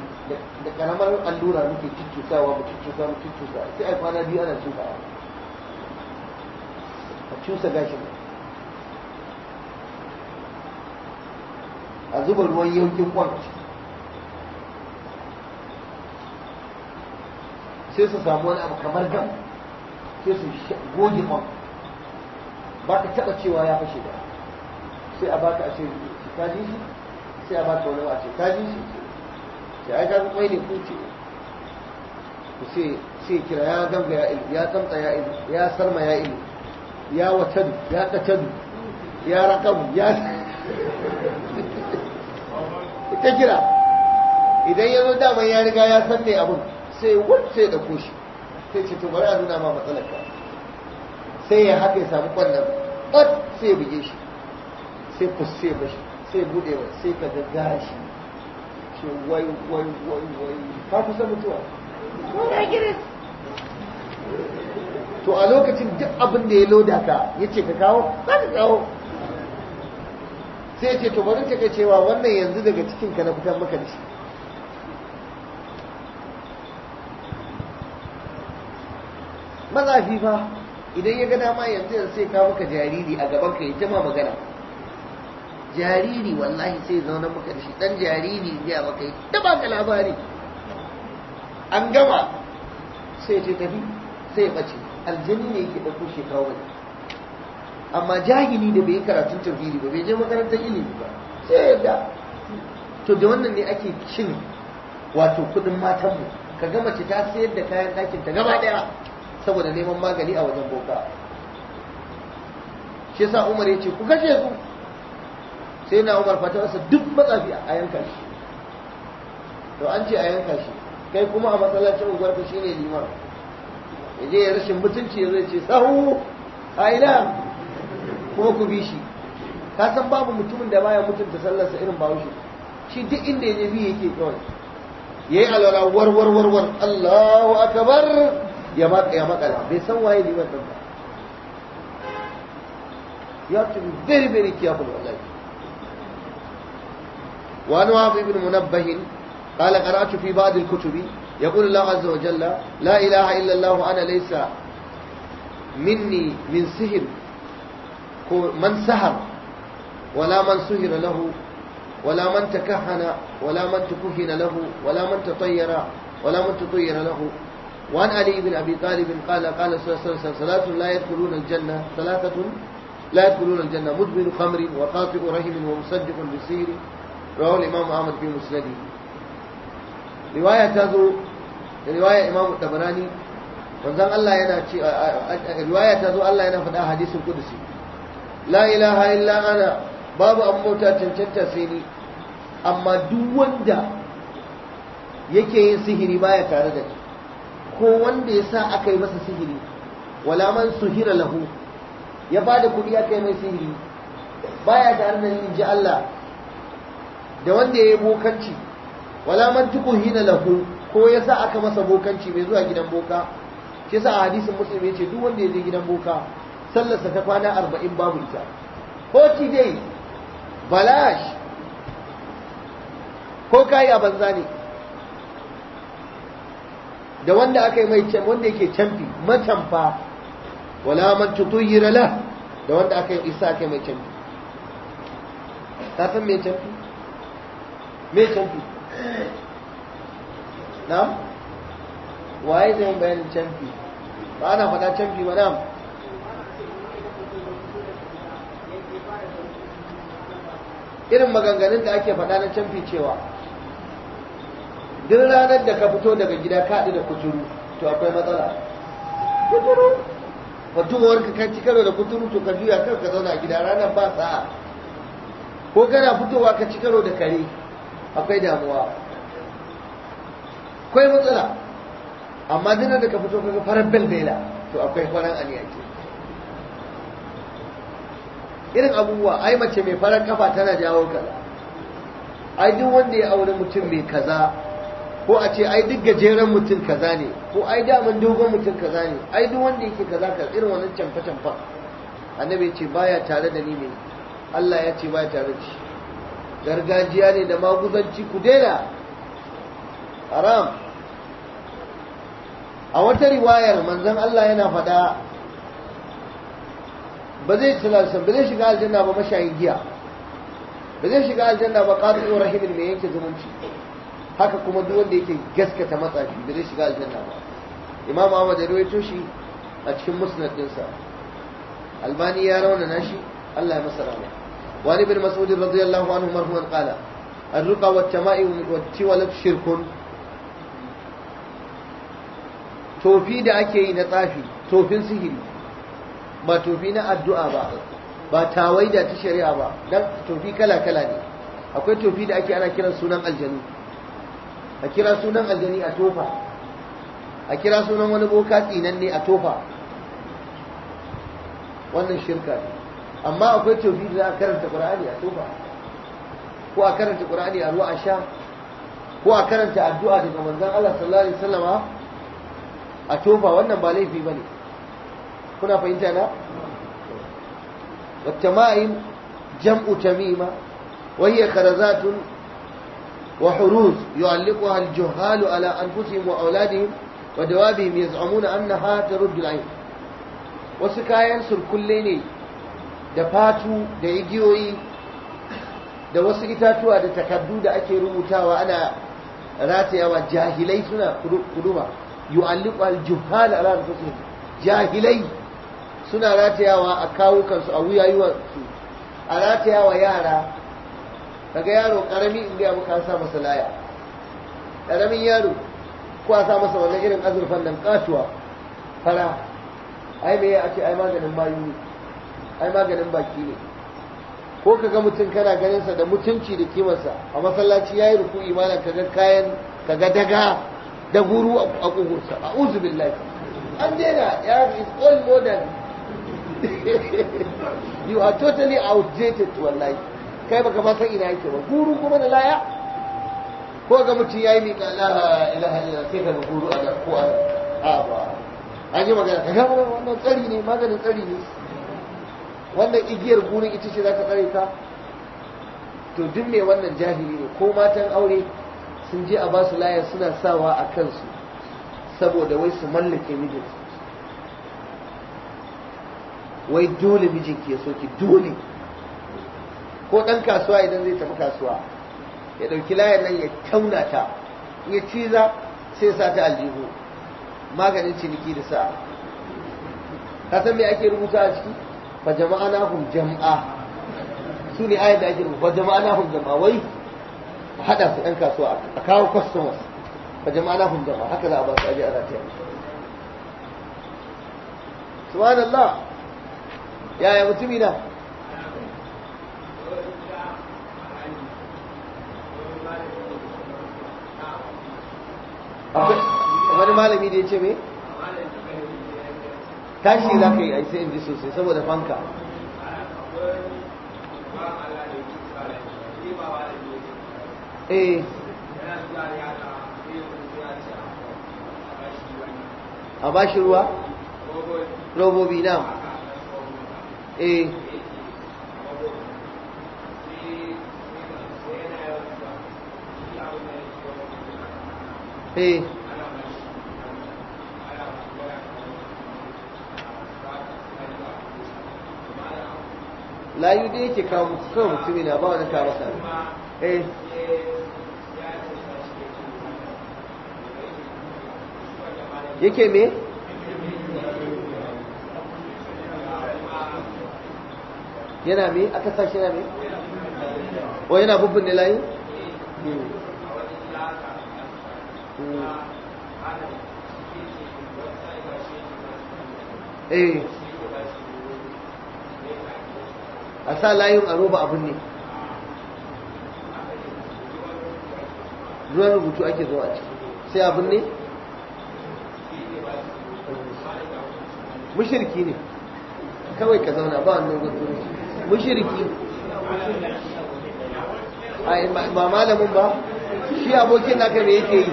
da karamar allura muke cuccusawa mu cuccusa mu cuccusa sai a kwana biyu ana cusawa a cusa gashi a zuba ruwan yankin kwan sai su samu wani abu kamar gam sai su goge kwan ba ka taɓa cewa ya fashe ba sai a baka a ce ka ji shi sai a ba ta wani wace ta ji shi ce yi ta kwai ne kuce ku sai kira ya gamga ya ilu ya tsamta ya ilu ya sarma ya ilu ya watadu ya du ya rakabu ya [LAUGHS] ita kira idan ya zo dama ya riga ya san ne abin sai wacce ya ɗauko shi sai ce to bari a nuna ma matsalar ka sai ya haka ya samu kwallon ɓat sai ya buge shi sai kus bashi sai buɗe sai ka ga gashi ce wai wai wai wai ka kusa mutuwa ko giris to a lokacin duk abin da ya loda ka ya ce ka kawo za ka kawo sai ce to bari ka cewa wannan yanzu daga cikin ka na fitar maka da shi mazafi fa idan ya ga dama yanzu yanzu sai ka jariri a gaban ka ya jama magana jariri wallahi sai zaune maka da shi dan jariri ya maka yi ta baka labari an gama sai ce tafi sai bace aljini ne yake dauko shi kawo amma jahili da bai karatun tafsiri ba bai je makarantar ilimi ba sai yadda to da wannan ne ake cin wato kudin matanmu ka gama ci ta sayar da kayan ɗakin ta gaba ɗaya saboda neman magani a wajen boka shi yasa umar ya ce ku kashe su sai na umar fatarsa duk matsafi a yanka shi to an ce a yanka shi kai kuma a matsalacin unguwarka shi ne liman ya je ya rashin mutunci ya zai ce sahu a ina kuma ku bi shi ka san babu mutumin da baya mutunta sallarsa irin bahaushe shi duk inda ya je bi yake kawai ya yi alwala war war war war allahu akabar ya makala bai san waye liman ɗin ba you have to be very very careful wallahi وعن وهب بن منبه قال قرأت في بعض الكتب يقول الله عز وجل لا إله إلا الله أنا ليس مني من سهر من سهر ولا من سهر له ولا من تكهن ولا من تكهن له ولا من تطير ولا من تطير له وعن علي بن أبي طالب قال قال صلى الله عليه وسلم ثلاثة لا يدخلون الجنة ثلاثة لا يدخلون الجنة مدمن خمر وقاطع رحم ومصدق بسير رواه imam ahmad bin مسنده riwaya ta zo riwaya imam tabarani wanzan Allah yana ce riwaya ta zo Allah yana لا إله إلا la ilaha أموتا تنشتا babu an bauta cancanta sai amma duk wanda yake ko wanda ya sa aka yi masa sihiri wala man suhira lahu ya bada da kuɗi aka yi mai sihiri baya tare da ni in ji Allah da wanda ya yi bokanci wala man hina lahu ko ya sa aka masa bokanci mai zuwa gidan boka shi sa a hadisin muslim ya ce duk wanda ya je gidan boka sallarsa ta kwana arba'in babu ita forty days balash ko kayi a banza ne da wanda aka yi mai wanda yake canfi matanfa wala man tutuyyira la da wanda aka yi isa aka yi mai canfi ta san mai canfi me canfi na'am waye zai yin bayanin canfi ba ana faɗa canfi ba na'am irin maganganun da ake faɗa na canfi cewa duk ranar da ka fito daga gida kaɗi da kuturu to akwai matsala kuturu fatuwar ka kan karo da kuturu to ka juya kar ka zauna a gida ranar ba sa'a ko kana fitowa ka ci karo da kare akwai damuwa akwai matsala amma dina da ka fito kaga farar belbela to akwai farar aniya ke irin abubuwa ai mace mai farar kafa tana jawo kaza ai duk wanda ya aure mutum mai kaza ko a ce ai duk gajeren mutum kaza ne ko ai daman dogon mutum kaza ne ai duk wanda yake kaza ka irin wannan canfa-canfa annabi ya ce baya tare da ni ne Allah ya ce baya tare da shi gargajiya ne da maguzanci ku daina haram a wata riwayar manzon Allah yana faɗa ba zai sallallahu ba zai shiga aljanna ba mashayin giya ba zai shiga aljanna ba qati'u rahimin mai yanke zumunci haka kuma duk wanda yake gaskata matsafi ba zai shiga aljanna ba imam Ahmad ya rawaito shi a cikin musnad dinsa albani ya raunana shi Allah ya masa rahama وعن ابن مسعود رضي الله عنه مرفوعا قال الرقى والتمائم والتولد شرك tofi da ake yi na tsafi tofin sihiri ba tofi na addu'a ba ba tawai da shari'a ba dan tofi kala-kala ne akwai tofi da ake ana kiran sunan aljanu a kira sunan aljani a tofa a kira sunan wani ne a tofa wannan shirka ne amma akwai tofi da na a karanta ƙura'ani a tofa ko a karanta ƙura'ani a ruwa a sha ko a karanta addu'a daga manzan Allah sallallahu alaihi a tofa wannan ba laifi bane kuna fahimta na wata ma'in jam'u tamima wa hiya kharazatun wa huruz yu'alliquha al-juhalu ala anfusihim wa auladihim wa dawabihim yaz'umuna annaha taruddu al-ayn wasu kayan surkullai ne da fatu da igiyoyi da wasu itatuwa da takardu da ake rubutawa ana ratayawa jahilai suna kuduma yu'alliqu al-juhal ala anfusihim jahilai suna ratayawa a kawukansu a wuyayuwansu a ratayawa yara kaga yaro karami in ya muka sa masa laya karamin yaro ko a sa masa wannan irin azurfan nan katuwa fara ai me ya ake ai maganin mayu ai maganin baki ne ko ka ga mutum kana ganin sa da mutunci da kimarsa a masallaci ya yi ruku imanin ka ga kayan ka ga daga da guru a kugursa a uzu billahi an daina ya is all modern [LAUGHS] you are totally outdated wallahi kai baka ba san ina yake ba guru kuma da laya ko ga mutum ya yi miƙa ilaha ilaha sai ka ga guru a ko a ba an yi magana ka ga wannan tsari ne maganin tsari ne wannan igiyar gurin ita ce za ka tsare ta to duk mai wannan jahili ne ko matan aure sun je a basu laya suna sawa a kansu saboda wai su mallake mijinsu wai dole mijinki ya soki dole ko ɗan kasuwa idan zai tafi kasuwa ya ɗauki layar nan ya tauna ta ya ciza sai sa ta aljihu maganin ciniki da sa'a ka san me ake rubuta a ciki fajama'anahum jama'anahum jam'a su ne ayat da ake fa fajama'anahum jam'a wai hada su ɗan kasuwa a kawo customers fajama'anahum jama'anahum jam'a haka za a ba su aje ana taya subhanallah yaya mutumi na wani malami da ya ce mai tashi za ka yi a sai in ji sosai saboda fanka eh. a ba shi ruwa robobi na eh Hey. Eh. layu da yake kawo kawai mutumi na ba wani kawo sa eh. yake me yana me aka sashi yana me o yana bubun ne layi? Hmm. eh a sa layin a roba abin ne ruwan rubutu ake zuwa a ciki sai abin ne mushirki ne kawai ka zauna ba wannan gudu mushirki ba malamin ba shi abokin naka me yake yi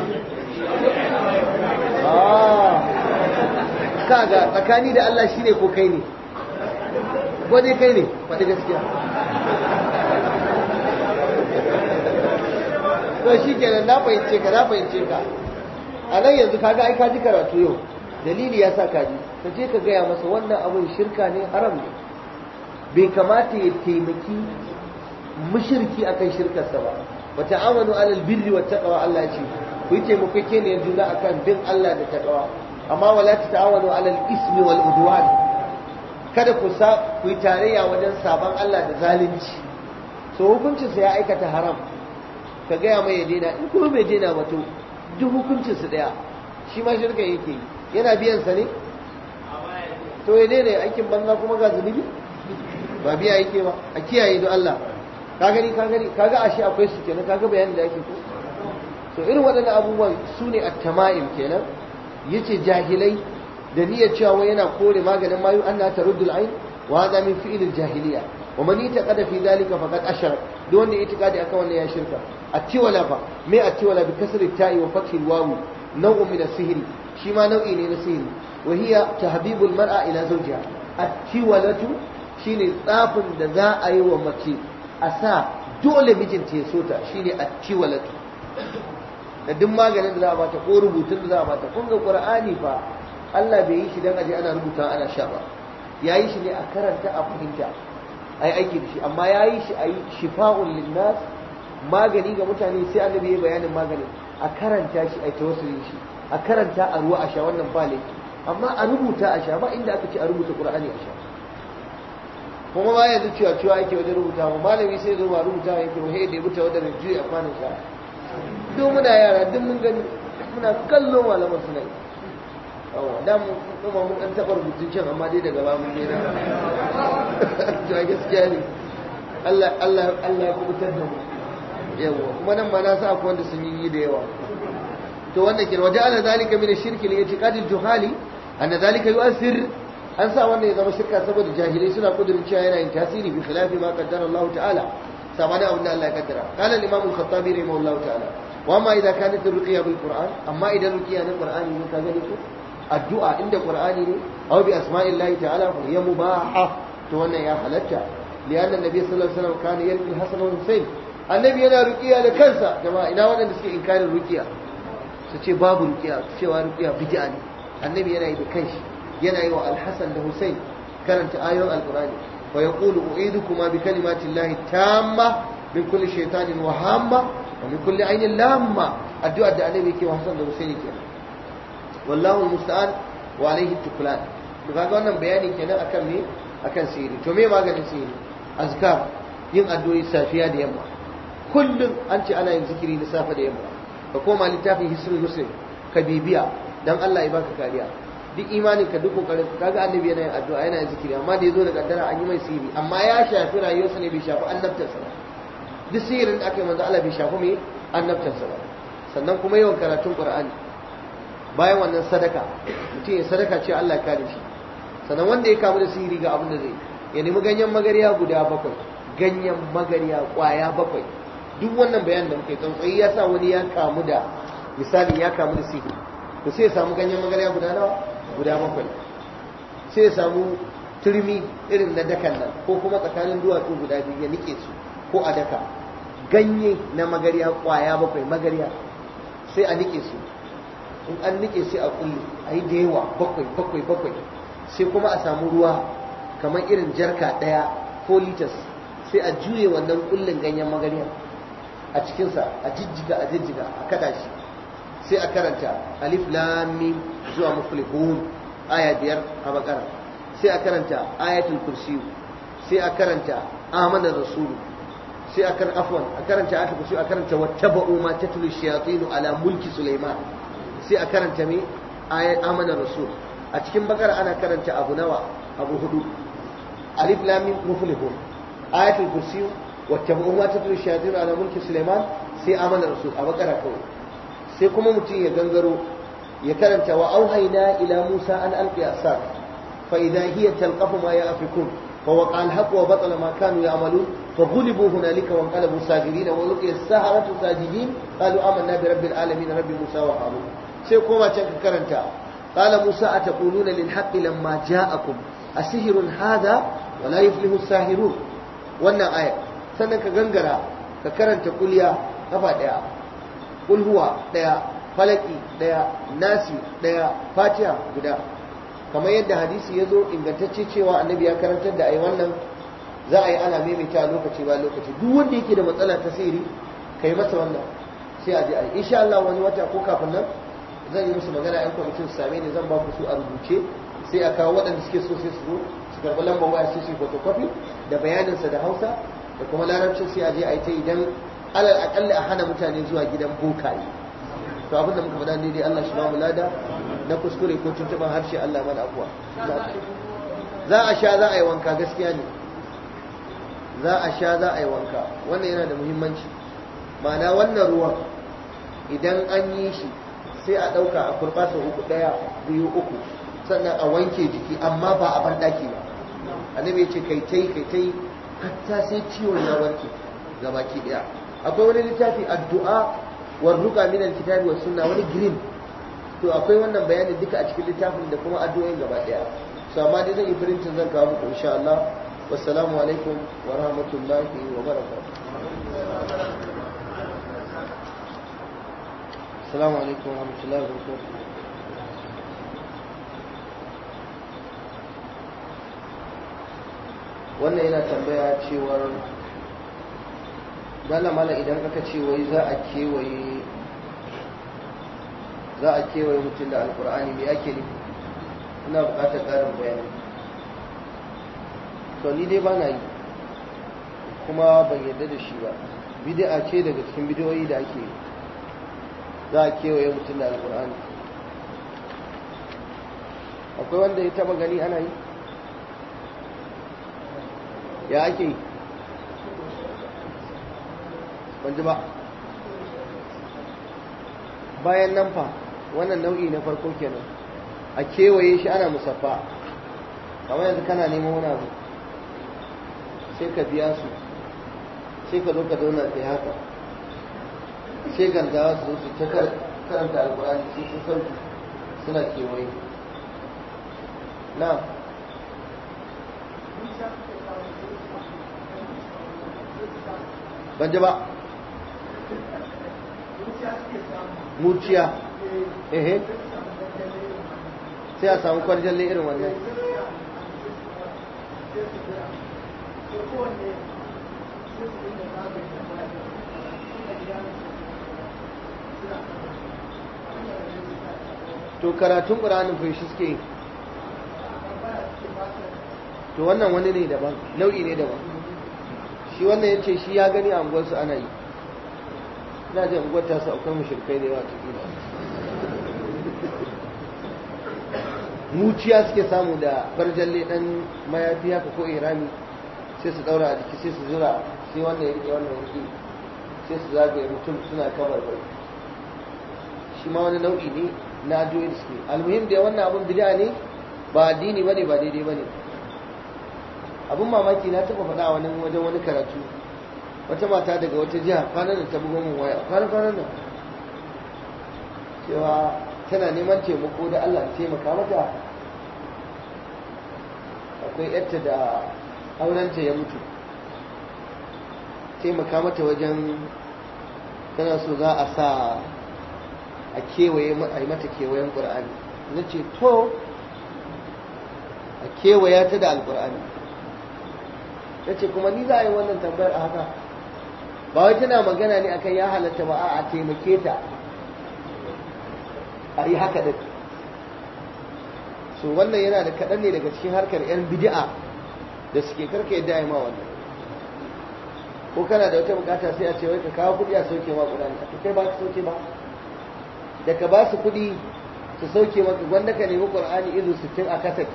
ah. ga tsakani da Allah shi ne ko kai ne ko kai ne faɗi gaskiya to shi kenan na fahimce ka na fahimce ka a nan yanzu ga ai ka ji karatu yau dalili ya sa kaji ka je ka gaya masa wannan abin shirka ne haram ne bai kamata ya taimaki mushirki akan shirkarsa ba wa ta'amanu alal birri wa taqwa Allah ce ku yi taimakeke ne juna akan bin Allah da taqwa amma wala ta'awanu alal ismi wal udwan kada ku sa ku yi tarayya wajen sabon Allah da zalunci so hukuncinsa ya aikata haram ka gaya mai ya daina in kuma bai daina ba duk duk su daya shi ma shirka yake yi yana biyan sa ne to ya daina aikin banza kuma ga zunubi ba biya yake ba a kiyaye don Allah ka gani ka gani ka ga ashe akwai su kenan ka ga bayanin da yake ko So irin waɗannan abubuwan su ne at-tama'im kenan yace jahilai da niyyar cewa wai yana kore maganin mayu ta taruddul ain wa hadha min fi'l jahiliya wa man yataqada fi dhalika faqad ashrak duk wanda ya itikadi akan wannan ya shirka atiwala fa me atiwala bi kasri ta'i wa fathi waw naw'un min as shi ma nau'i ne na sihiri wa hiya tahbibul mar'a ila zawjiha atiwalatu shine tsafin da za a yi wa mace a sa dole mijinta ya sota shine atiwalatu da duk maganin da za a bata ko rubutun da za a bata kun ga qur'ani fa Allah bai yi shi don aje ana rubuta ana sha ba ya yi shi ne a karanta a fahimta a yi aiki da shi amma ya yi shi a yi shifa'un linnas magani ga mutane sai an ya bayanin magani a karanta shi a tawassulin shi a karanta a ruwa a sha wannan bale amma a rubuta a sha ba inda aka ce a rubuta qur'ani a sha kuma ba yanzu cewa cewa yake wajen rubuta ba malami sai zo ba rubuta yake ba sai da rubuta wanda bai juya kwanan sha duk muna yara duk mun gani muna kallon malaman suna yi da mu kuma mun dan taɓa rubutun can amma dai daga ba mun dena [LAUGHS] to gaskiya ne Allah Allah Allah ya kubutar da mu yawa kuma nan ma na sa akwai wanda sun yi da yawa to wanda ke waje ala zalika min shirki li i'tiqadi juhali anna zalika yu'athir an sa wanda ya zama shirka saboda jahilai suna kudurin cewa yana yin tasiri bi khilafi ma qaddara Allah ta'ala sabana abinda Allah ya kaddara qala al-imam al-khattabi rahimahullah ta'ala wa ma idza kanat ar-ruqya bil qur'an amma idan ruqya na qur'ani ne ka gani ko addu'a inda qur'ani ne aw bi asma'illahi ta'ala fa hiya mubaha to wannan ya halatta lianna nabi sallallahu alaihi wasallam kana yarki hasan wa husayn annabi yana ruqiya da kansa jama'a ina waɗanda suke inkarin ruqiya su ce babu ruqiya su cewa ruqiya bid'a ne annabi yana yi da kanshi yana yi wa al-hasan da husayn karanta ayoyin alqur'ani wa yaqulu u'idukuma bi kalimati llahi tamma min kulli shaytanin wa hamma wa min kulli ainin lamma addu'a da annabi yake wa hasan da husayn kenan wallahu musta'an wa alaihi tuklan to kaga wannan bayani kenan akan me akan sihiri to me maganin sihiri azkar yin addu'o'i safiya da yamma kullum an ce ana yin zikiri da safe da yamma ka koma littafin hisnul muslim ka bibiya dan Allah ya baka kariya duk imanin ka duk kokarin ka ga annabi yana yin addu'a yana yin zikiri amma da yazo da kaddara an yi mai sihiri amma ya shafi rayuwarsa ne bai shafi annabtarsa ba duk sihirin da aka yi manzo Allah bai shafi mai annabtarsa ba sannan kuma yawan karatun Qur'ani bayan wannan sadaka mutum ya sadaka ce Allah ka da shi sannan wanda ya kamu da sihiri ga abin da zai ya nemi ganyen magariya guda bakwai ganyen magariya kwaya bakwai duk wannan bayan da muka yi tsautsayi ya sa wani ya kamu da misali ya kamu da sihiri to sai ya samu ganyen magariya guda nawa guda bakwai sai ya samu turmi irin na dakan nan ko kuma tsakanin duwatsu guda biyu ya nike su ko a daka ganye na magariya kwaya bakwai magariya sai a nike su in an nike sai a kulle a yi da yawa bakwai bakwai bakwai sai kuma a samu ruwa kamar irin jarka ɗaya ko litas. sai a juye wannan kullin ganyen magarya a cikinsa a jijjiga a jijjiga a kada shi sai a karanta alif lami zuwa muflihun aya biyar a bakara sai a karanta ayatul kursi sai a karanta amana rasulu sai a karanta afwan a karanta ayatul kursi a karanta wattaba'u ma tatlu shayatin ala mulki sulaiman sai a karanta me ayat amana rasul a cikin bakara ana karanta abu nawa abu hudu alif lam mim muflihun ayatul kursi wa tabu'u ma tatlu shayatin ala mulki sulaiman sai amana rasul a bakara kawai sai kuma mutum ya gangaro ya karanta wa auhayna ila musa an alqi asar fa idha hiya talqafu ma ya'fikun فوقع الحق وبطل ما كانوا يعملون فغلبوا هنالك وانقلبوا ساجدين ولقي السحرة ساجدين قالوا آمنا برب العالمين رب موسى وهارون sai koma can ka karanta qala musa ataquluna lil haqqi lamma ja'akum asihrun hadha wa la yuflihu sahirun wannan aya sannan ka gangara ka karanta kulya kafa daya kul huwa daya falaki daya nasi daya fatiha guda kamar yadda hadisi ya zo ingantacce cewa annabi ya karantar da ai wannan za a yi ana maimaita lokaci ba lokaci duk wanda yake da matsala ta sihiri ka masa wannan sai a je a yi insha Allah wani wata ko kafin nan zan yi musu magana yan kwamitin su same ni zan ba ku su a rubuce sai a kawo waɗanda suke so sai su zo su karɓi lambar waya sai su yi photocopy da bayaninsa da hausa da kuma larabcin sai a je a yi ta idan alal aƙalla a hana mutane zuwa gidan bokaye to abinda muka faɗa ne dai Allah shi ba mu lada na kuskure ko tuntuɓar harshe Allah mana afuwa za a sha za a yi wanka gaskiya ne za a sha za a yi wanka wannan yana da muhimmanci ma'ana wannan ruwan idan an yi shi sai a ɗauka a kurɓa sau uku ɗaya biyu uku sannan a wanke jiki amma ba a bar ɗaki ba annabi ya ce kai tai kai tai hatta sai ciwon ya warke ga baki ɗaya akwai wani littafi addu'a war ruka min alkitabi was sunna wani green to akwai wannan bayanin duka a cikin littafin da kuma addu'o'in gaba ɗaya so amma dai zan yi printin zan kawo muku insha Allah wassalamu alaikum wa rahmatullahi wa barakatuh السلام عليكم ورحمة الله وبركاته wannan yana tambaya cewar malamala idan aka ce wai za a kewaye kewaye mutum da alkur'ani mai ake ne ina bukatar karin bayani to ni dai ba na yi kuma ban yarda da shi ba bid'a ce daga cikin bidiyoyi da ake yi za a kewaye mutum da alkur'ani akwai wanda ya taba gani ana yi ya ake yi wanda ba bayan nan fa wannan nau'i na farko kenan a kewaye shi ana musaffa kamar yanzu kana neman wani abu sai ka biya su sai ka zo ka zauna kai haka sai gangawa su su ta karanta alkurani sai su san suna kewaye na ban ji ba muciya ehe eh. sai a samu kwarjalle irin wannan to karatun ƙur'anin fa shi suke to wannan wani ne daban nau'i ne daban shi wannan ya ce shi ya gani a unguwarsu ana yi ina jin unguwar tasu akwai mushrikai da yawa ta kila muciya suke samu da farjalle dan mayafi haka ko irami sai su daura a jiki sai su zura sai wannan ya rike wannan ya sai su zagaye mutum suna kawar bai shi ma wani nau'i ne na juyi da suke almuhim da wannan abun bid'a ne ba addini ne ba daidai ne abun mamaki na taba faɗa wani wajen wani karatu wata mata daga wata jiha kwanan da ta bugo min waya kwanan kwanan nan cewa tana neman taimako da Allah taimaka mata akwai yarta da aurenta ya mutu taimaka mata wajen tana so za a sa a kewaye a yi mata kewayen ƙur'ani na ce to a kewaya ta da alƙur'ani ta ce kuma ni za a yi wannan tambayar a haka ba wai tana magana ne akan ya halatta ba a taimake ta a yi haka din so wannan yana da kaɗan ne daga cikin harkar 'yan bidi'a da suke karka yadda ya ma wannan ko kana da wata bukata sai a ce wai ka kawo kuɗi a sauke ma kuɗa ne a kai ba ka sauke ba da ka ba su kuɗi su sauke maka gwanda ka nemi ƙur'ani izu 60 a kasar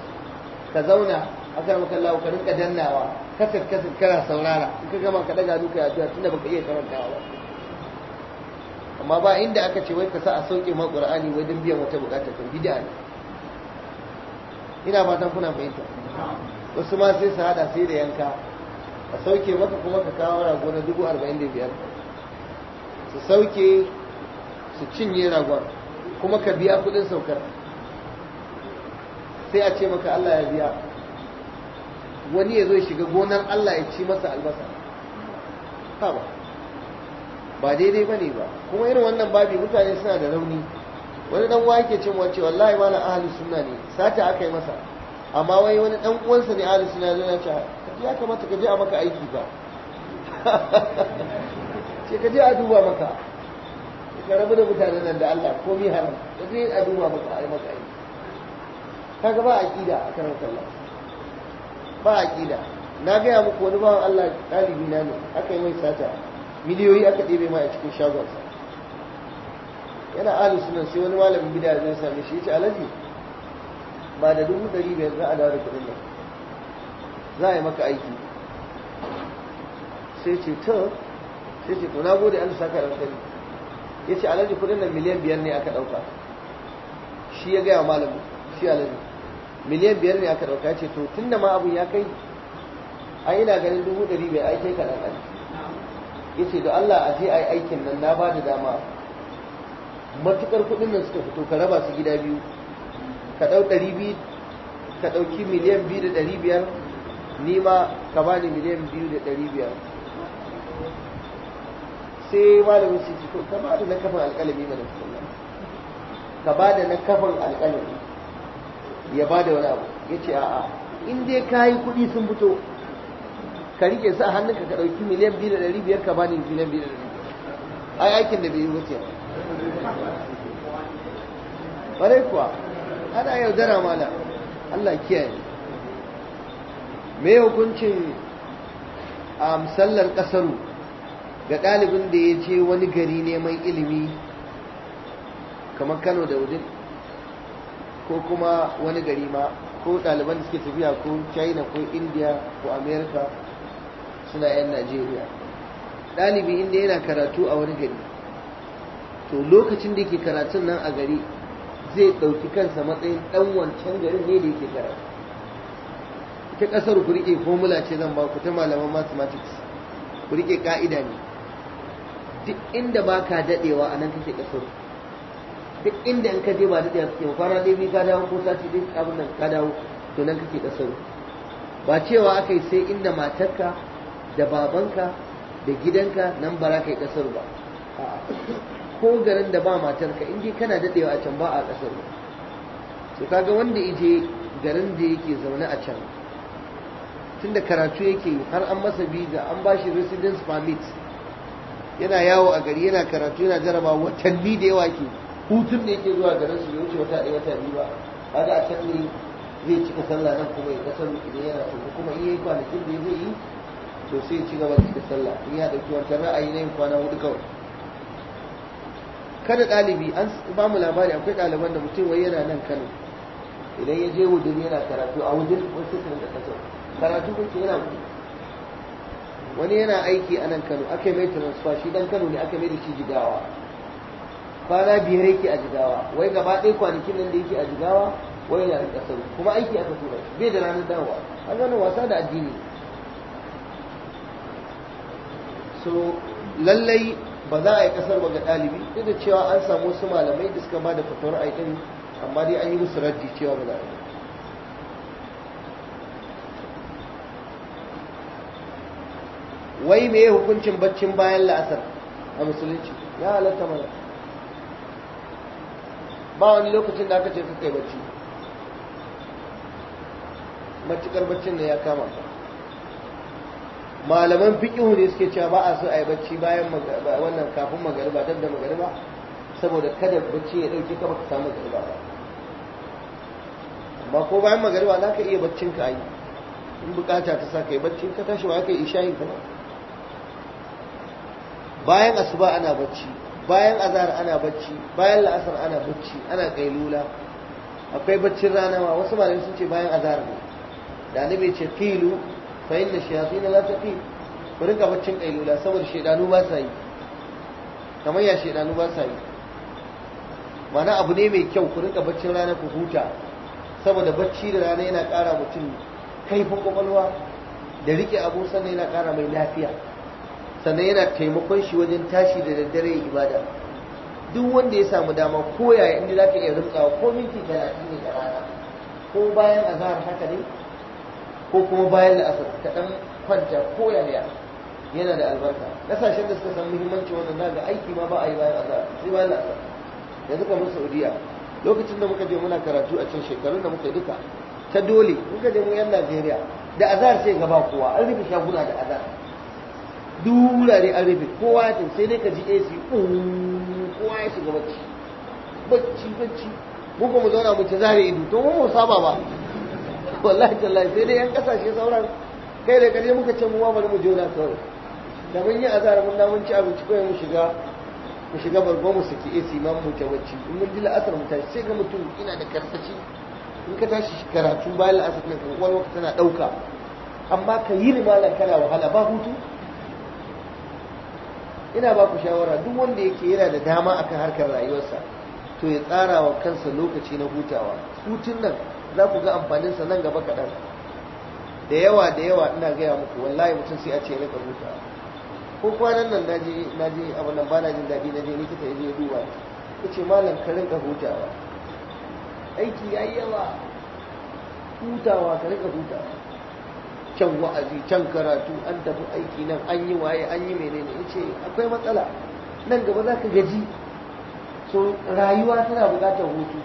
ka zauna a kan maka Allah ka rinka dannawa kasar kasar kana saurara in ka gama ka daga duka ya tunda baka iya karantawa ba amma ba inda aka ce wai ka sa a sauke ma ƙur'ani wai don biyan wata buƙatar kan bid'a ne ina fatan kuna fahimta wasu ma sai su hada sai da yanka a sauke maka kuma ka kawo rago na dubu arba'in da biyar su sauke su cinye ragon kuma ka biya kudin saukar sai a ce maka Allah ya biya wani ya zo ya shiga gonar Allah ya ci masa albasa ba ba daidai ba ne ba kuma irin wannan babi mutane suna da rauni wani dan wa yake cin wace wallahi malam ahli sunna ne sata aka yi masa amma wai wani dan uwansa ne ahli sunna zai ce ya kamata ka je a maka aiki ba ce [LAUGHS] ka je a duba maka ka rabu da mutanen nan da Allah ko mi haram da zai a duba maka a yi maka aiki kaga ba kida a karan sallah ba kida na gaya muku wani bawan Allah ɗalibi na ne aka yi mai sata miliyoyi aka ɗebe ma a cikin shagonsa yana ahlus sunan sai wani malamin bid'a zai same shi ce alaji ba da dubu ɗari biyar za a dawo da kuɗin nan za a yi maka aiki sai ce to sai ce to na gode an saka da kuɗin ya ce alhaji kudin nan miliyan biyar ne aka ɗauka shi ya gaya malam shi alhaji miliyan biyar ne aka ɗauka ce to tun da ma abun ya kai a ina ganin dubu ɗari bai aike ka ɗan ya ce da Allah a je a yi aikin nan na ba da dama matukar kudin nan suka fito ka raba su gida biyu ka ɗau ɗari biyu ka ɗauki miliyan biyu da ɗari biyar ni ma ka bani miliyan biyu da ɗari biyar sai malamin sai ko ka ba da na kafin alƙalami mana sallam ka ba da na kafin alƙalami ya ba da wani abu ya ce a'a in dai ka yi kuɗi sun fito ka rike sa a hannunka ka ɗauki miliyan biyu da ɗari biyar ka ba ni miliyan biyu da ɗari ai aikin da bai yi wuce ba. kuwa ana yaudara mana Allah kiyaye me hukuncin a sallar ƙasaru ga ɗalibin da ya ce wani gari neman ilimi kamar kano da wudin ko kuma wani gari ma ko ɗaliban da suke tafiya ko china ko india ko america suna 'yan najeriya ɗalibi inda yana karatu a wani gari to lokacin da ke karatun nan a gari zai ɗauki kansa matsayin ɗan wancan garin ne da yake karatu ita ƙasar ku riƙe formula ce zan ba ku ta malaman mathematics ku riƙe ƙa'ida ne duk inda ba ka daɗewa a nan kake ƙasar duk inda in ka je ba daɗewa kake kwana ɗaya biyu ka dawo ko sati ɗaya abin nan ka dawo to nan kake ƙasar ba cewa aka yi sai inda matarka da babanka da gidanka nan ba za ka yi ƙasar ba ko garin da ba matarka in dai kana daɗewa a can ba a ƙasar ba to kaga wanda ije garin da yake zaune a can tunda karatu yake har an masa biza an bashi residence permit yana yawo a gari yana karatu yana jaraba watanni da yawa ke hutun da yake zuwa garin su ya wuce wata ɗaya wata biyu ba ga a can ne zai cika sallah nan kuma ya kasar idan yana so kuma iya yi kwanakin da ya zai yi to sai ci gaba cika sallah in ya dauki wata ra'ayi na yin kwana hudu kawai kada ɗalibi an ba mu labari akwai ɗaliban da mutum wai yana nan kano idan ya je wudin yana karatu a wudin wasu sun da kasar karatu kuke yana wudin wani yana aiki a nan kano aka yi mai transfer shi dan kano ne aka mai da shi jigawa kwana biyar yake a jigawa wai gaba ɗaya kwanakin nan da yake a jigawa wai yana da kasar kuma aiki aka tura shi bai da ranar dawa an gano wasa da addini so lallai ba za a yi kasar ba ga ɗalibi duk da cewa an samu wasu malamai da suka ba da fatawar aikin amma dai an yi musu raddi cewa ba za a yi wai me hukuncin baccin bayan la'asar a musulunci ya halatta mana ba wani lokacin da aka ce kai bacci matukar baccin da ya kama malaman fiƙihu ne suke cewa ba a so a yi bacci bayan wannan kafin magariba don da magariba saboda kada bacci ya ɗauke ka baka samu magariba ba amma ko bayan magariba za ka iya baccin ka yi in bukata ta sa ka yi baccin ka tashi ba ka yi ishayin ka ba bayan asuba ana bacci bayan azhar ana bacci bayan la'asar ana bacci ana kailula akwai baccin rana ma wasu malamai sun ce bayan azhar ne da bai ce qilu fa inna shayatin la taqi ku rinka baccin kailula saboda shedanu ba sa yi kamar ya shedanu ba sa yi mana abu ne mai kyau ku rinka baccin rana ku huta saboda bacci da rana yana ƙara mutum kaifin kwakwalwa da rike abu sannan yana ƙara mai lafiya sannan yana taimakon shi wajen tashi da daddare ya ibada duk wanda ya samu dama ko yaya inda za ka iya rutsawa ko minti talatin ne da rana ko bayan azahar haka ne ko kuma bayan la'asar kaɗan kwanta ko yaya yana da albarka ƙasashen da suka san muhimmanci wannan na ga aiki ma ba a yi bayan azahar sai bayan la'asar yanzu mun saudiya lokacin da muka je muna karatu a can shekarun da muka duka ta dole muka je mu yan najeriya da azahar sai gaba kowa an rufe shaguna da azahar duk wurare an rufe kowa ya sai dai ka ji AC kowa ya shiga bacci bacci bacci mu ko mu zauna mu ci zare ido to mu saba ba wallahi tallahi sai dai yan kasashe sauran kai da kare muka ce mu ma bari mu jona kawai da mun yi azara mun da mun ci abinci kawai mu shiga mu shiga bargo mu saki AC ma mu ta bacci in mun ji la'asar mu tashi sai ga mutum ina da karsashi in ka tashi karatu bayan la'asar ne kan kwakwalwa tana dauka amma ka yi limala kana wahala ba hutu ina ba ku shawara duk wanda yake yana da dama akan harkar rayuwarsa to ya tsara wa kansa lokaci na hutawa hutun nan za ku ga amfaninsa nan gaba kaɗan da yawa da yawa ina gaya muku wallahi mutum sai a ce rika hutawa ko kwanan nan naji naji abu nan bana jin daɗi naje likita ya je duba ya ce malam ka rinka hutawa aiki yayi yawa hutawa ka rinka hutawa can wa'azi can karatu an tafi aiki nan an yi waye an yi menene in ce akwai matsala nan gaba za ka gaji so rayuwa tana bukatar hutu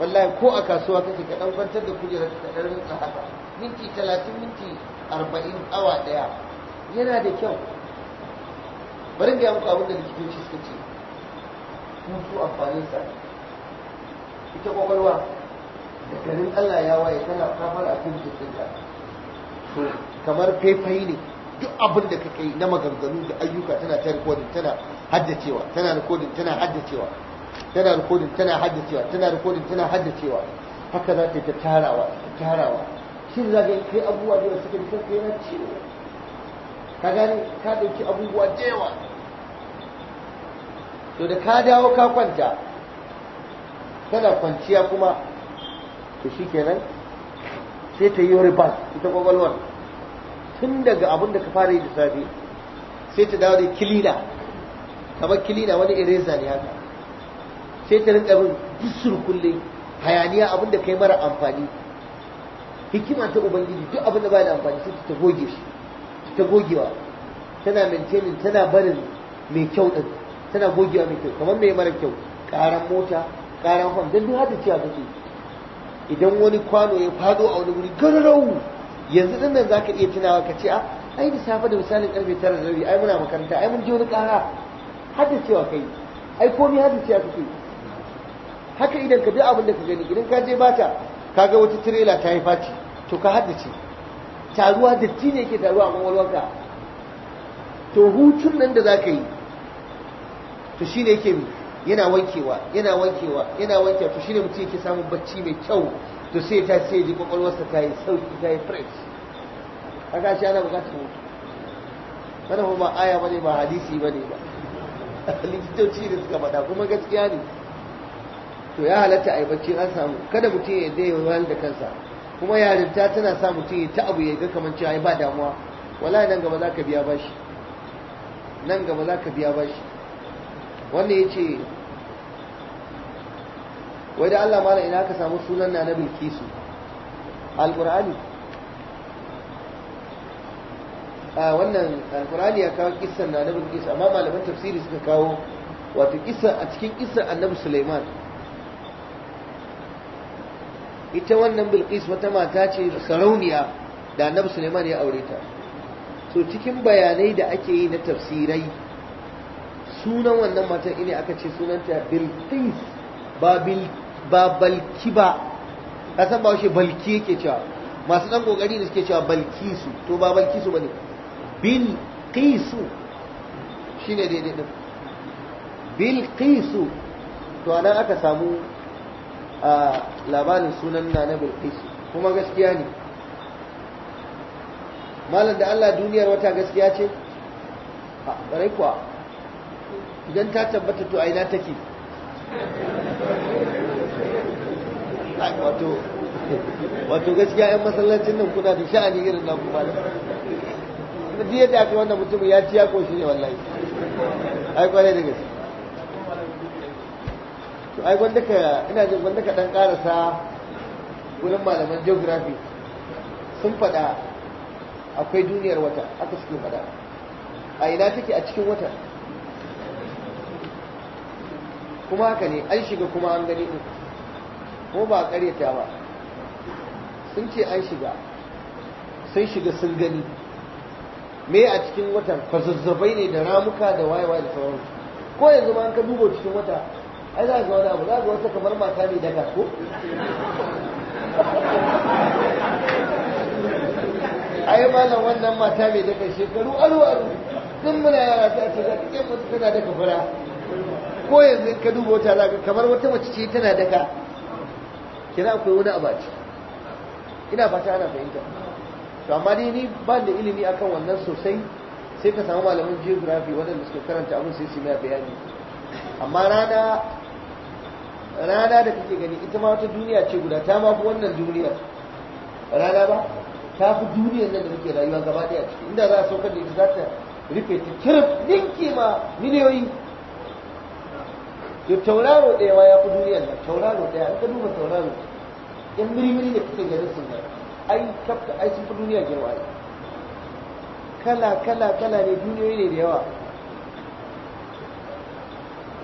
wallahi ko a kasuwa kake ka ɗan kwantar da kujerar ka ɗan rinka haka minti talatin minti arba'in awa ɗaya yana da kyau bari ga muku abin da likitoci suka ce hutu sa. ita kwakwalwa da garin allah ya waye tana kafara a cikin jikinka kamar faifai ne duk abin da kake na maganganu da ayyuka tana ta rikodin tana haddacewa tana rikodin tana haddacewa tana rikodin tana haddacewa tana rikodin tana haddacewa haka za ta ta tarawa ta tarawa shi za ka kai abubuwa da suke da kai na ciwo ka gani ka dauki abubuwa da yawa to da ka dawo ka kwanta kana kwanciya kuma to shikenan sai ta yi ribas ita kwakwalwar tun daga abin da ka fara yi da safe sai ta dawo da kilina kamar kilina wani ereza ne haka sai ta rinka bin dusur kulle hayaniya abin da kai mara amfani hikima ta ubangiji duk abin da ba da amfani sai ta goge shi ta gogewa tana maintaining tana barin mai kyau din tana gogewa mai kyau kamar mai mara kyau karan mota karan hon dan duk hada ciya take idan wani kwano ya fado a wani wuri gararau yanzu din nan zaka iya tunawa ka ce a ah, ai da safe da misalin karfe tara da rabi ai muna makaranta ai mun je wani kara hadda cewa kai ai komai hadda cewa kake haka idan ka bi abin da ka gani idan ka je bata kaga wata tirela ta yi faci to ka haddace taruwa datti ne ke taruwa a kwakwalwarka to hutun nan da za ka yi to shi ne yake mi yana wankewa yana wankewa yana wankewa to shine mutum yake samun bacci mai kyau to sai ta sai ji kwakwalwarsa ta yi sauki ta yi fresh kaga shi ana bukatar hutu wannan ba aya bane ba hadisi bane ba [LAUGHS] likitoci ne suka faɗa kuma gaskiya ne to ya halatta a yi bacci an samu kada mutum ya dai wahal da kansa kuma yarinta tana sa mutum ya ta abu ya ga kamar cewa ba damuwa wallahi nan gaba za ka biya bashi nan gaba za ka biya bashi wanda ya ce wai da Allah mala ina ka samu sunan na na bilkisu alƙur'ani a ah, wannan alƙur'ani ya kawo kisan na na bilkisu amma malaman tafsiri suka kawo wato kisa a cikin kisan annabi suleiman ita wannan bilkis wata mata ce sarauniya da annabi suleiman ya aure ta so cikin bayanai da ake yi na tafsirai sunan wannan matan ine aka ce sunanta bilqis ba bil ba balki ba kasan ba shi balki yake cewa masu dan kokari ne suke cewa balkisu to ba balkisu bane bilqisu shine daidai din bilqisu to anan aka samu a labarin sunan na na bilqisu kuma gaskiya ne malam da Allah duniyar wata gaskiya ce a kuwa idan ta tabbata to aina take wato wato gaskiya yan masallacin nan kuna da sha'ani irin na kuma da duk yadda aka wannan mutum ya ci ya koshi ne wallahi ai kwarai da gaske to ai wanda ka ina jin wanda ka dan karasa gurin malaman geography sun faɗa akwai duniyar wata aka suke faɗa a ina take a cikin wata kuma haka ne an shiga kuma an gani ɗin ko ba a karyata ba sun ce an shiga sun shiga sun gani me a cikin watan fazazzabai ne da ramuka da wayewa da sauran ko yanzu ma an ka dubo cikin wata ai za ga wani abu za ga wata kamar mata ne daga ko ai malam wannan mata mai daga shekaru aru aru din muna yara ta ce za ta ke mutu tana daga fura ko yanzu ka duba wata zaka kamar wata mace ce tana daka kina akwai wani abu ina fata ana fahimta to amma dai ni ba da ilimi akan wannan sosai sai ka samu malaman geography waɗanda suka karanta abin sai su mai bayani amma rana rana da kake gani ita ma wata duniya ce guda ta ma fi wannan duniyar rana ba ta fi duniyar nan da muke rayuwa gaba ɗaya ciki inda za a saukar da ita za ta rufe ta kirif ninki ma miliyoyi to tauraro ɗaya ya fi duniyar nan tauraro ɗaya an ka duba tauraro yan miri-miri da kuke ganin sun nan ai kafka ai sun fi duniya girma ne kala kala kala ne duniyoyi ne da yawa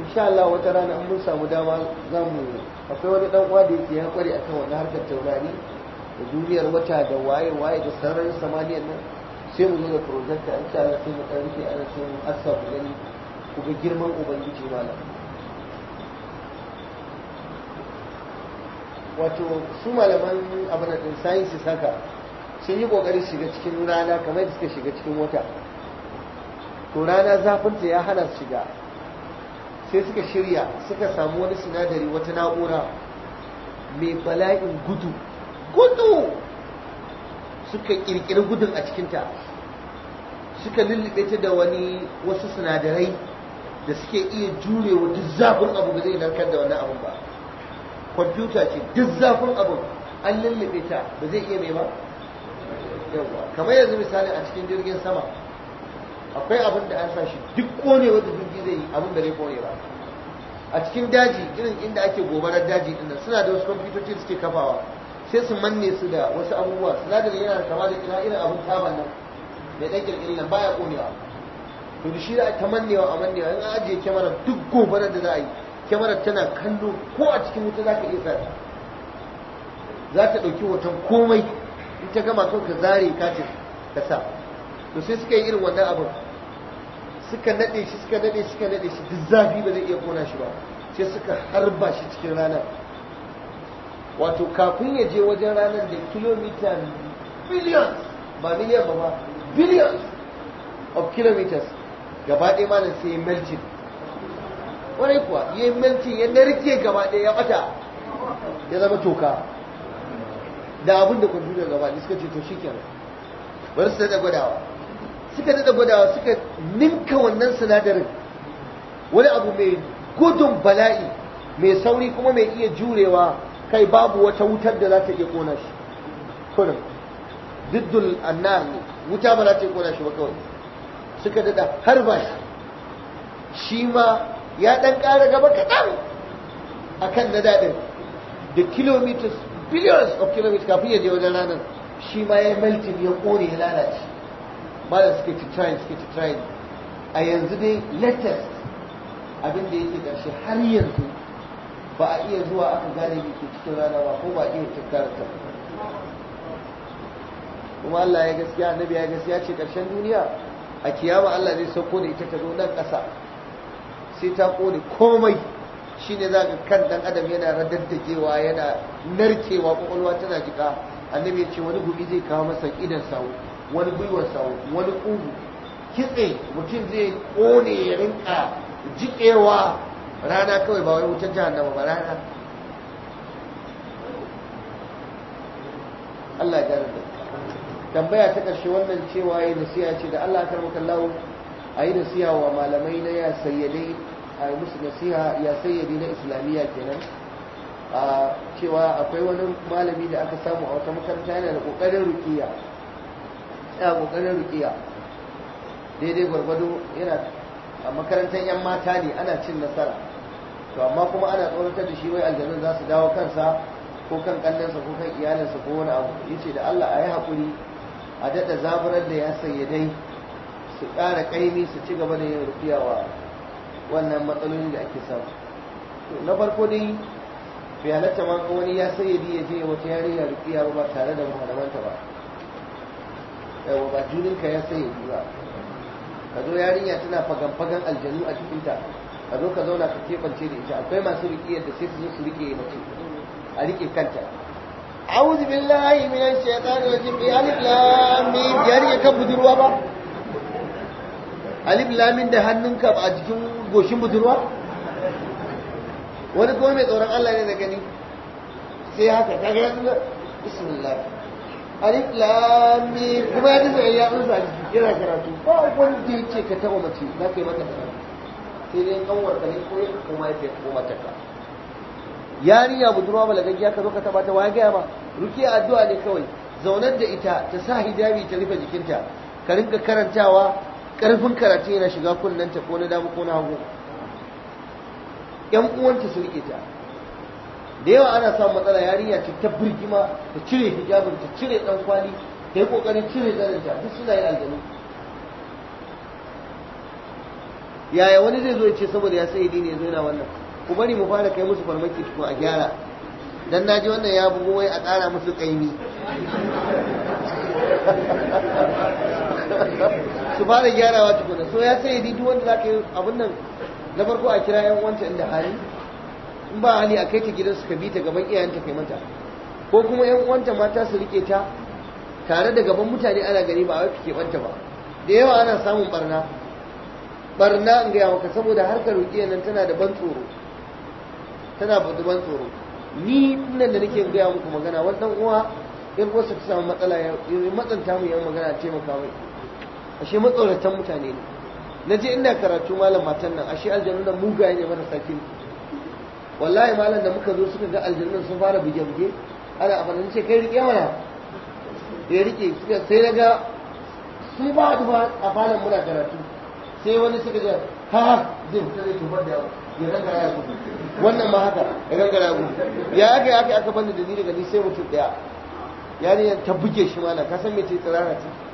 insha Allah wata rana an mun samu dama za mu akwai wani dan uwa da yake ya kware akan wani harkar taurari da duniyar wata da waye waye da sararin samaniyar nan sai mu zo da project an sha Allah sai mu ɗan rufe ana sai mu assa ku gani ku ga girman ubangiji malam wato su malaman abin da science haka sun yi kokari shiga cikin rana kamar da suka shiga cikin wata to rana zafinta ya hana shiga sai suka shirya suka samu wani sinadari wata na'ura mai bala'in gudu gudu suka kirkiri gudun a cikinta suka lullube ta da wani wasu sinadarai da suke iya jurewa duk zafin abu da zai narkar da wani abu ba kwamfuta ce duk zafin abin an lullube ta ba zai iya mai ba yawwa kamar yanzu misali a cikin jirgin sama akwai abin da an sa shi duk kone wanda jirgi zai yi abin da zai kone ba a cikin daji irin inda ake gobarar daji din suna da wasu kwamfutoci suke kafawa sai su manne su da wasu abubuwa sinadarin yana kama da ina irin abin taban nan mai ɗan kirkirin nan baya ƙonewa to da shi da ta mannewa a mannewa in an ajiye kyamarar duk gobarar da za a yi kyamara tana kallo ko a cikin wuta za ka iya sa za ta ɗauki hoton komai in ta gama kawai ka zare ce ka sa to sai suka yi irin wannan abin suka naɗe shi suka naɗe suka naɗe shi duk zafi ba zai iya kona shi ba sai suka harba shi cikin ranar wato kafin ya je wajen ranar da kilomita billions ba miliyan ba ba billions of kilometers gaba ɗaya malam sai ya melting kwarai kuwa ya yi milki ya narke gaba ɗaya ya bata ya zama toka da abin da kwamfuta gaba ɗaya suka ce to shi bari su daɗa gwadawa suka daɗa gwadawa suka ninka wannan sinadarin wani abu mai gudun bala'i mai sauri kuma mai iya jurewa kai babu wata wutar da za ta iya kona shi kurin diddul annan wuta ba za ta iya kona shi ba kawai suka daɗa ba shi shi ma ya ɗan ƙara gaba kaɗan a kan na daɗin da kilometers billions of kilometers kafin ya je wajen ranar shi ma ya melting ya ƙone ya lalace malam suke ci trying suke ci trying a yanzu dai latest abin da yake ƙarshe har yanzu ba a iya zuwa aka gane da ke cikin rana ba ko ba a iya ta kuma Allah ya gaskiya annabi ya gaskiya ce ƙarshen duniya a kiyama Allah zai sauko da ita ta zo nan ƙasa sai ta kone komai ne za ka kan dan adam yana radaddagewa yana narkewa kwakwalwa tana jika annabi ce wani gobe zai kawo masa idan sawu wani gwiwar sawu wani kugu kitse mutum zai kone ya rinka jikewa rana kawai ba wai wutar jahannama ba rana Allah ya da tambaya ta ƙarshe wannan cewa yi nasiya ce da Allah karmakallahu a yi nasiya wa malamai na ya sayyade. a yi musu nasiha ya sayyadi na islamiyya kenan a cewa akwai wani malami da aka samu a wata makaranta yana da kokarin rukiya yana kokarin rukiya daidai gwargwado yana a makarantar yan mata ne ana cin nasara to amma kuma ana tsoratar da shi wai aljanun za su dawo kansa ko kan kannansa ko kan iyalinsa ko wani abu yace da Allah a yi haƙuri a daɗa zaburar da ya sayyadai su ƙara ƙaimi su ci gaba da yin rukiyawa wannan matsalolin da ake samu na farko dai bai halatta ma wani ya sayyadi ya je wata yarinya rukiya ba tare da maharamanta ba yawa ba juninka ya sayyadi ba ka zo yarinya tana fagan-fagan aljanu a cikinta ka zo ka zauna ka kebance da ita akwai masu rikiyar da sai su zo su rike mace a rike kanta أعوذ بالله من الشيطان الرجيم ألف لام ميم يا ريت كم بدروا Alif ألف لام ده هنن كم jikin. goshin budurwa wani kuma mai tsoron Allah ne da gani sai haka ta ga yanzu bismillah alif lam mim kuma ya sai ya tsunsa yana karatu ba wanda yake ka taɓa mace za ka yi mata karatu sai dai kanwar ka ne ko ya kuma ya ko mata ka ya budurwa ba balagaggiya ka zo ka taba ta waya gaya ba? rukiya addu'a ne kawai zaunar da ita ta sa hijabi ta rufe jikinta ka rinka karantawa karfin karatu yana shiga kullanta ko na dama ko na hagu yan uwanta su riƙe ta da yawa ana samun matsala yarinya ta ta birgima ta cire hijabin ta cire ɗan kwali ta yi ƙoƙarin cire zaninta duk suna yi aljanu yaya wani zai zo ya ce saboda ya sai ne zo yana wannan ku bari mu fara kai musu farmaki tukun a gyara dan ji wannan ya bugu wai a ƙara musu ƙaimi [LAUGHS] su fara gyarawa tukuna so ya sai duk wanda za ka yi abin nan na farko a kira yan uwanta inda hali in ba hali a kai ta su ka bi ta gaban iyayenta kai mata ko kuma yan uwanta mata su rike ta tare da gaban mutane ana gani ba a wai ke banta ba da yawa ana samun barna barna in gaya maka saboda harkar rukiyar nan tana da ban tsoro tana da ban tsoro ni nan da nake gaya muku magana wannan uwa yan ta samu matsala ya matsanta mu yan magana taimaka mai ashe matsauratan mutane ne na je ina karatu malam matan nan ashe aljanu nan muga ne marasa sakin wallahi malam da muka zo suka ga aljanu sun fara buge-buge ana abanin ce kai rike mana ya rike sai na ga sun ba a falon muna karatu sai wani suka ce ha ha zai fita zai tubar da ya gangara ya gudu wannan ma haka ya gangara ya gudu ya aka aka aka banda da ni daga ni sai mutum daya yarinyar ta buge shi mana ka san me ce tsirara ce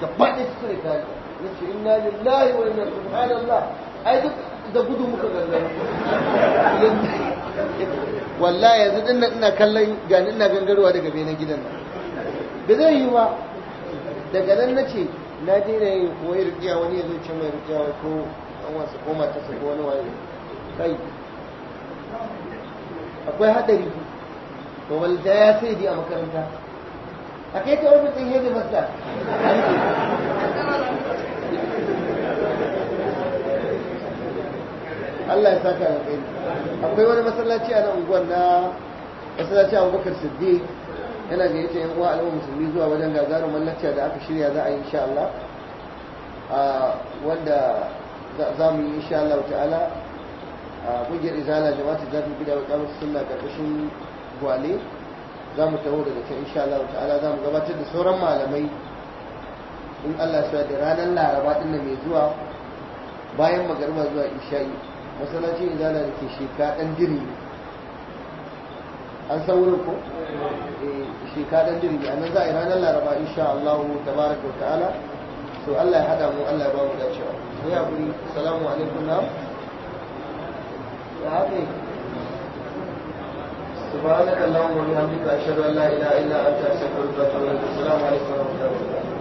gaba ɗaya suka da kayan na ce inna lillahi wa inna subhanallah ai duk da gudu muka gangara wallahi yanzu din nan ina kallon gani ina gangarwa daga bene gidan nan da zai yi ba daga nan na ce na daina yin koyi rikiya wani ya zo ce mai rikiya ko an wasu ko mata su ko wani waye kai akwai hadari to walda ya sai di a makaranta I can't do everything here myself. Thank you. Allah ya saka da kai. Akwai wani masallaci a nan unguwar na masallaci Abubakar Siddiq yana da yace yan uwa al'umma musulmi zuwa wajen gagarumin lacca da aka shirya za a yi insha Allah. wanda za mu yi insha Allah ta'ala a kungiyar izala jama'atu zafi gida wa kamar sunna karkashin gwale za mu taho daga can insha Allah ta'ala za mu gabatar da sauran malamai in Allah ya da ranar laraba din mai zuwa bayan magarba zuwa isha'i masallaci izala da ke sheka dan diri an san wurin ko eh, sheka dan diri a nan za a yi ranar laraba insha Allah tabaraka wa ta'ala to Allah ya hada mu Allah ya ba mu dacewa sai hakuri assalamu alaikum na ya haɗe سبحانك اللهم وبحمدك اشهد ان لا اله الا انت استغفرك واتوب اليك السلام عليكم ورحمه الله وبركاته